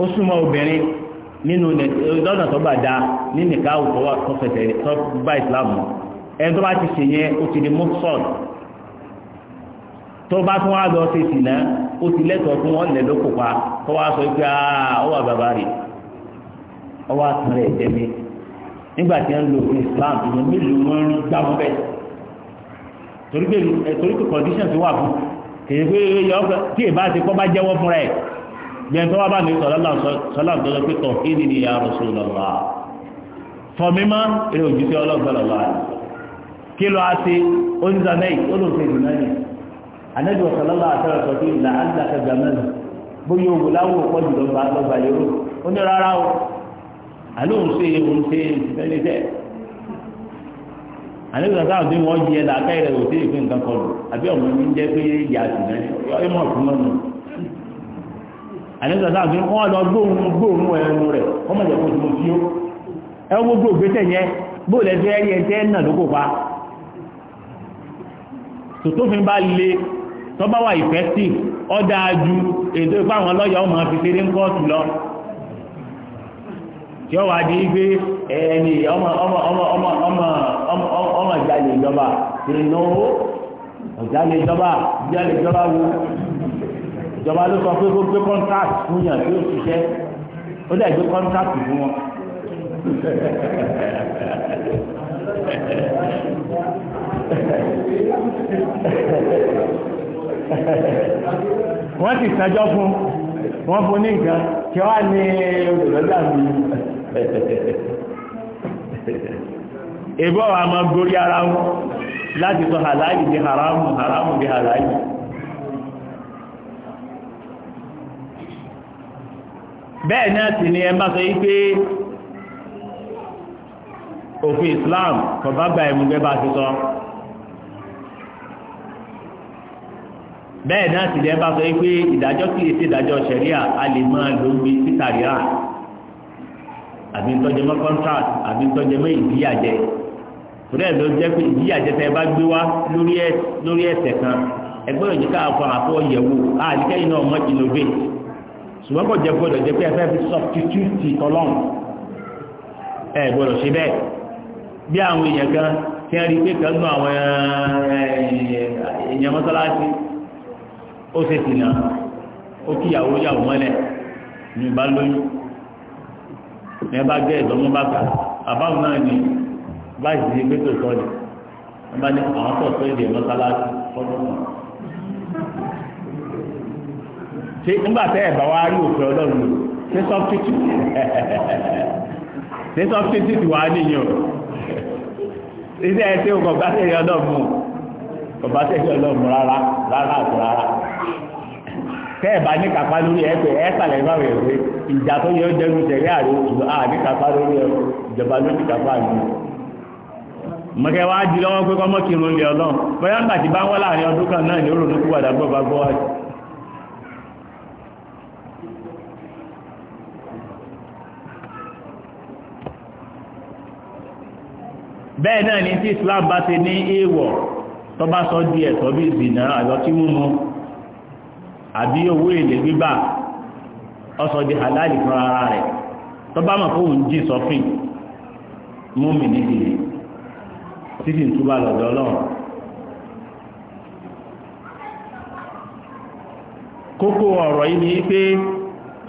ó súnmọ́ obìnrin nínú lọ́nà tó bá dáa ní nìka òtọ́wà tó fẹsẹ̀ tó bá ìsìlámù ẹni tó bá ti ṣe yẹn ó ti di mọ́sọ̀t tó bá tún wá lọ ti lẹ́tọ̀ọ́ lóko pa tó wá sọ pé ah, ó wà bàbá rè ó wà tán rẹ̀ lo Islam ìyẹn mélòó wọn rí gbá wọn bẹ́ẹ̀ torí pé torí pé condition ti wà fún yẹn tó wá bá ní sọlá tó lọ pé tọ̀ kí ni ìyá rọ̀ṣọ́ lọ́wọ́ fọmímọ́ eré òjíṣẹ́ ọlọ́gbọ́n lọ́wọ́ rẹ̀ kí ló á ṣe oníṣàlẹ̀ olóòfin ìdùnnà yẹn anájú ọ̀sọ̀lọ́lá àtẹ́rẹ̀sọ̀ tí ìlà àdìlàkẹ́ gbàmẹ́lì bóyá òwò láwò pọ̀ jùlọ bá lọ́gbà yòrò ó ní rárá o àlóhùn ṣe òun ṣe ìfẹ́lẹ́ tẹ̀ anájú ọ̀sọ̀lá àti wọn jí ẹ làákẹ́ rẹ̀ ò sí ìfẹ́ nǹkan kọlù àbí ọ̀mọ mi ń jẹ́ pé yà á sì náà yọ àlẹ́sàtà àti wọ́n lọ gbóòrùn gbóòrùn ẹ̀rùn rẹ̀ wọ́n mọ̀ jẹ́kọ́ ìmú tí ó ẹwọ́n gbogbo ògbésẹ̀ yẹn bóòlẹ̀ fẹ́ ẹ̀rí ẹ̀tẹ́ náà ló kópa tòtófin bá le tọ́bá wà ìfẹ́sì ọ̀dà ju ètò ìpá àwọn lọ́yà ọmọ fi ṣeré ń kọ́ọ̀tù lọ tí ó wà á di gbé ẹni ọmọ ọmọ ọmọ ọmọ ọmọ ọmọ ìjàlè ìjọba ìrìnà owó ìjàlè ìjọba ìjàlè ìjọba wo ìjọba ló sọ pé kó gbé kọ́ńtáàtì fún yàn tí ó ṣiṣẹ́ ó dẹ̀ gbé kọ́ńtáàtì fún wọn. wọ́n ti sẹ́jọ́ fún wọ́n fún ní nǹkan kí wọ́n á ní olùdókòwò àmì ìbọn àwọn ọmọ gorí ara wọn láti sọ hàlàyé di haramu haramu di hàlàyé. bẹ́ẹ̀ náà sì ni ẹ sọ yí pé òfin Islam kò bá gba ti sọ bẹ́ẹ̀ náà sì ni ẹ sọ yí pé ìdájọ́ ìdájọ́ lè máa lò ń bi àbí ntọ́jẹ́ contract àbí ntọ́jẹ́ ìdíyàjẹ́ torí ló jẹ́ pé ìdíyàjẹ́ tẹ́ bá gbé wá lórí ẹ̀sẹ̀ kan ẹgbẹ́ ṣùgbọ́n kò jẹ́ gbọ́dọ̀ jẹ́ pé ẹ fẹ́ fi substitute tọ́lọ́run ẹ gbọ́dọ̀ ṣe bẹ́ẹ̀ bí àwọn èèyàn kan tí wọ́n rí pé kan nù àwọn eh, èèyàn mọ́sálásí ó ṣe sì náà ó kíyàwó yàwó mọ́lẹ̀ ní ìbá lóyún ní ẹ bá gẹ́ ìdánwò bá kà àbáwọn náà ni báyìí ti pé tòótọ́ ni wọ́n bá ní àwọn tòótọ́ ìdè mọ́sálásí fọ́dún náà. ṣe nígbàtẹ́ ẹ̀bà wá rí òfin ọlọ́run ṣe substitute ṣe substitute wà níyàn iṣẹ́ ẹ̀ṣẹ́ òkò bá tẹ̀lé ọlọ́mù kò bá tẹ̀lé ọlọ́mù rárá rárá àti rárá tẹ́ẹ̀bà ní kápá lórí ìjà tó yẹ tẹ̀lé à ní kápá lórí ìjọba ló ti kápá àrí mọ̀kẹ́ wá di lọ́wọ́ pé kọ́mọ́kì bẹ́ẹ̀ náà ni tí Islam bá ti ní èèwọ̀ tó bá sọ di ẹ̀tọ́ bí zìnà àjọtí àbí owó èdè gbígbà ọsọ di fún ara rẹ̀ tó bá mọ̀ fóun jí sọfìn mú mi nídìí títí túbà lọ́dọ̀ ọlọ́run kókó ọ̀rọ̀ yìí ni pé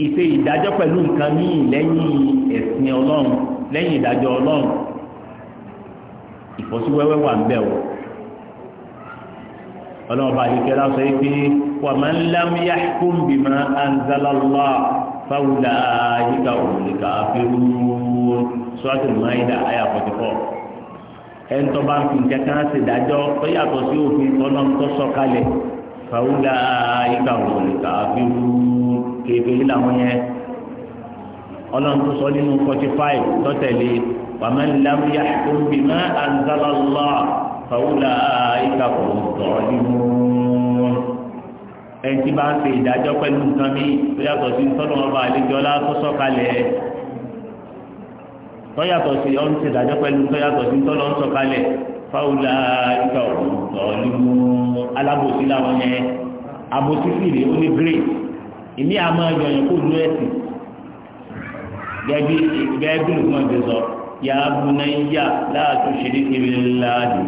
ìṣe ìdájọ́ pẹ̀lú nǹkan míì lẹ́yìn ẹ̀sìn ọlọ́run ìfọ́síwẹ́wẹ́ wà ń bẹ̀ wọ̀ ọlọ́ọ̀bá àdìkẹ́ lásọ yìí pé wà man lam yahkum bima anzala Allah fa ulaika humul kafirun Suratul Maida àyà 44 ẹnitọ́ bá ń fi nǹkan kan ṣe dájọ́ tó yàtọ̀ sí òfin ọlọ́run tó sọ kalẹ̀ fàwùlà ìgbà òrùka fíwú kékeré làwọn yẹn ọlọ́run sọ nínú forty tọ́tẹ̀lé ومن لم يحكم بما أنزل الله فأولئك هم الظالمون ẹni tí bá ń ṣe ìdájọ́ pẹ̀lú nǹkan mi tó yàtọ̀ sí tọ́nà ọba àlejòọlá tó sọ̀kalẹ̀ tó yàtọ̀ sí ọ́n ṣe ìdájọ́ pẹ̀lú tó yàtọ̀ sí tọ́nà ọ̀n sọ̀kalẹ̀ fáwùlà ìkà ọ̀lùmọ̀ alábòsí làwọn yẹn àbòsí fìlè ó ní grade ìní àmọ́ ẹ̀yọ̀yàn kò lú ẹ̀sìn gẹ́gẹ́ bí lùkùn ọ̀gbìn sọ ya bunayya la tushrik billahi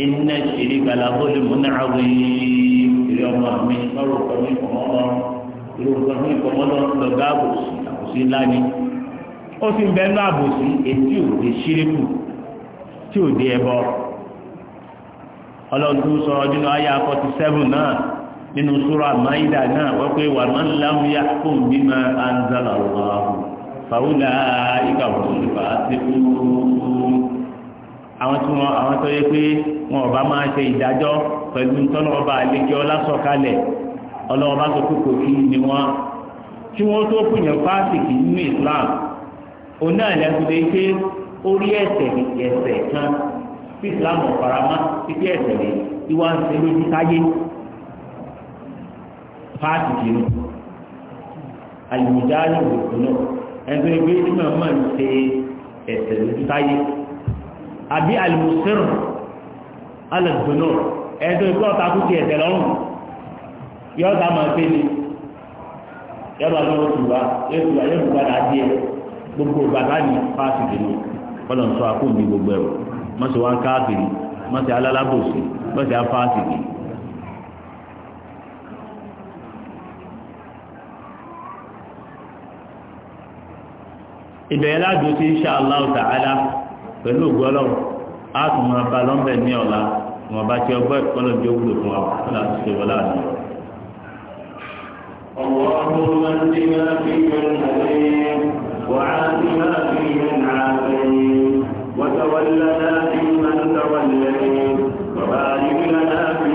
inna shirka la zulmun azim ìrẹ ọmọ mi lọ́rọ̀ pẹ̀lú ìkọ̀mọ́lọ́ ìrọ̀ pẹ̀lú ìkọ̀mọ́lọ́ lọ́gá àbòsí àbòsí ńlá ni ó sì ń bẹ́ẹ̀ ní àbòsí ètí òde ṣíríkù tí òde ẹbọ ọlọ́run tó sọ̀rọ̀ nínú àyà forty seven náà nínú súrà Maida náà wọ́n pé wàmán lámúyà fún bímọ anzala Allahu fàwùlà ìgbàwọ̀ olùfà ti àwọn tí wọn àwọn tó yẹ pé wọn ò máa ṣe ìdájọ́ pẹ̀lú tọ́lọ́ọ̀bá àlejò ọlásọ̀kalẹ̀ tó kókò kí ni tí tó fásitì nínú Islam òun náà lẹ́nu lè ṣe ẹ̀sẹ̀ ẹ̀sẹ̀ kan Islam ọ̀farama títí ẹ̀sẹ̀ rẹ̀ tí wọ́n ń ṣe lójú táyé fásitì nù wò ẹgbẹ́ ìgbé ìmọ̀ máa ń ṣe ẹ̀sẹ̀ lójú táyé àbí àlùmọ́sẹ́rùn alẹ́gbẹ̀nà ẹgbẹ́ ìgbé ọ̀tá kú ti ẹ̀sẹ̀ lọ́rùn yóò dá máa pé ni yóò bá lọ́wọ́ tù wá yóò tù wá yóò tù padà díẹ̀ gbogbo bàbá ní fáàsì dèlè kọ́lọ̀ ń sọ àkóǹbì gbogbo ẹ̀rọ mọ́sẹ̀ wá ń káàkiri mọ́sẹ̀ alálàbòsí mọ́sẹ̀ afáàsì dèlè ìbẹ̀yẹ ládùú tí insha Allah ta'ala pẹ̀lú ògbọ́lọ́ á tún máa bá lọ́mbẹ̀ ní ọ̀la wọn bá tí ọgbọ́ ìkọlọ̀ jẹ́ òwúlò fún wa ṣe wọlé àná. اللهم اهدنا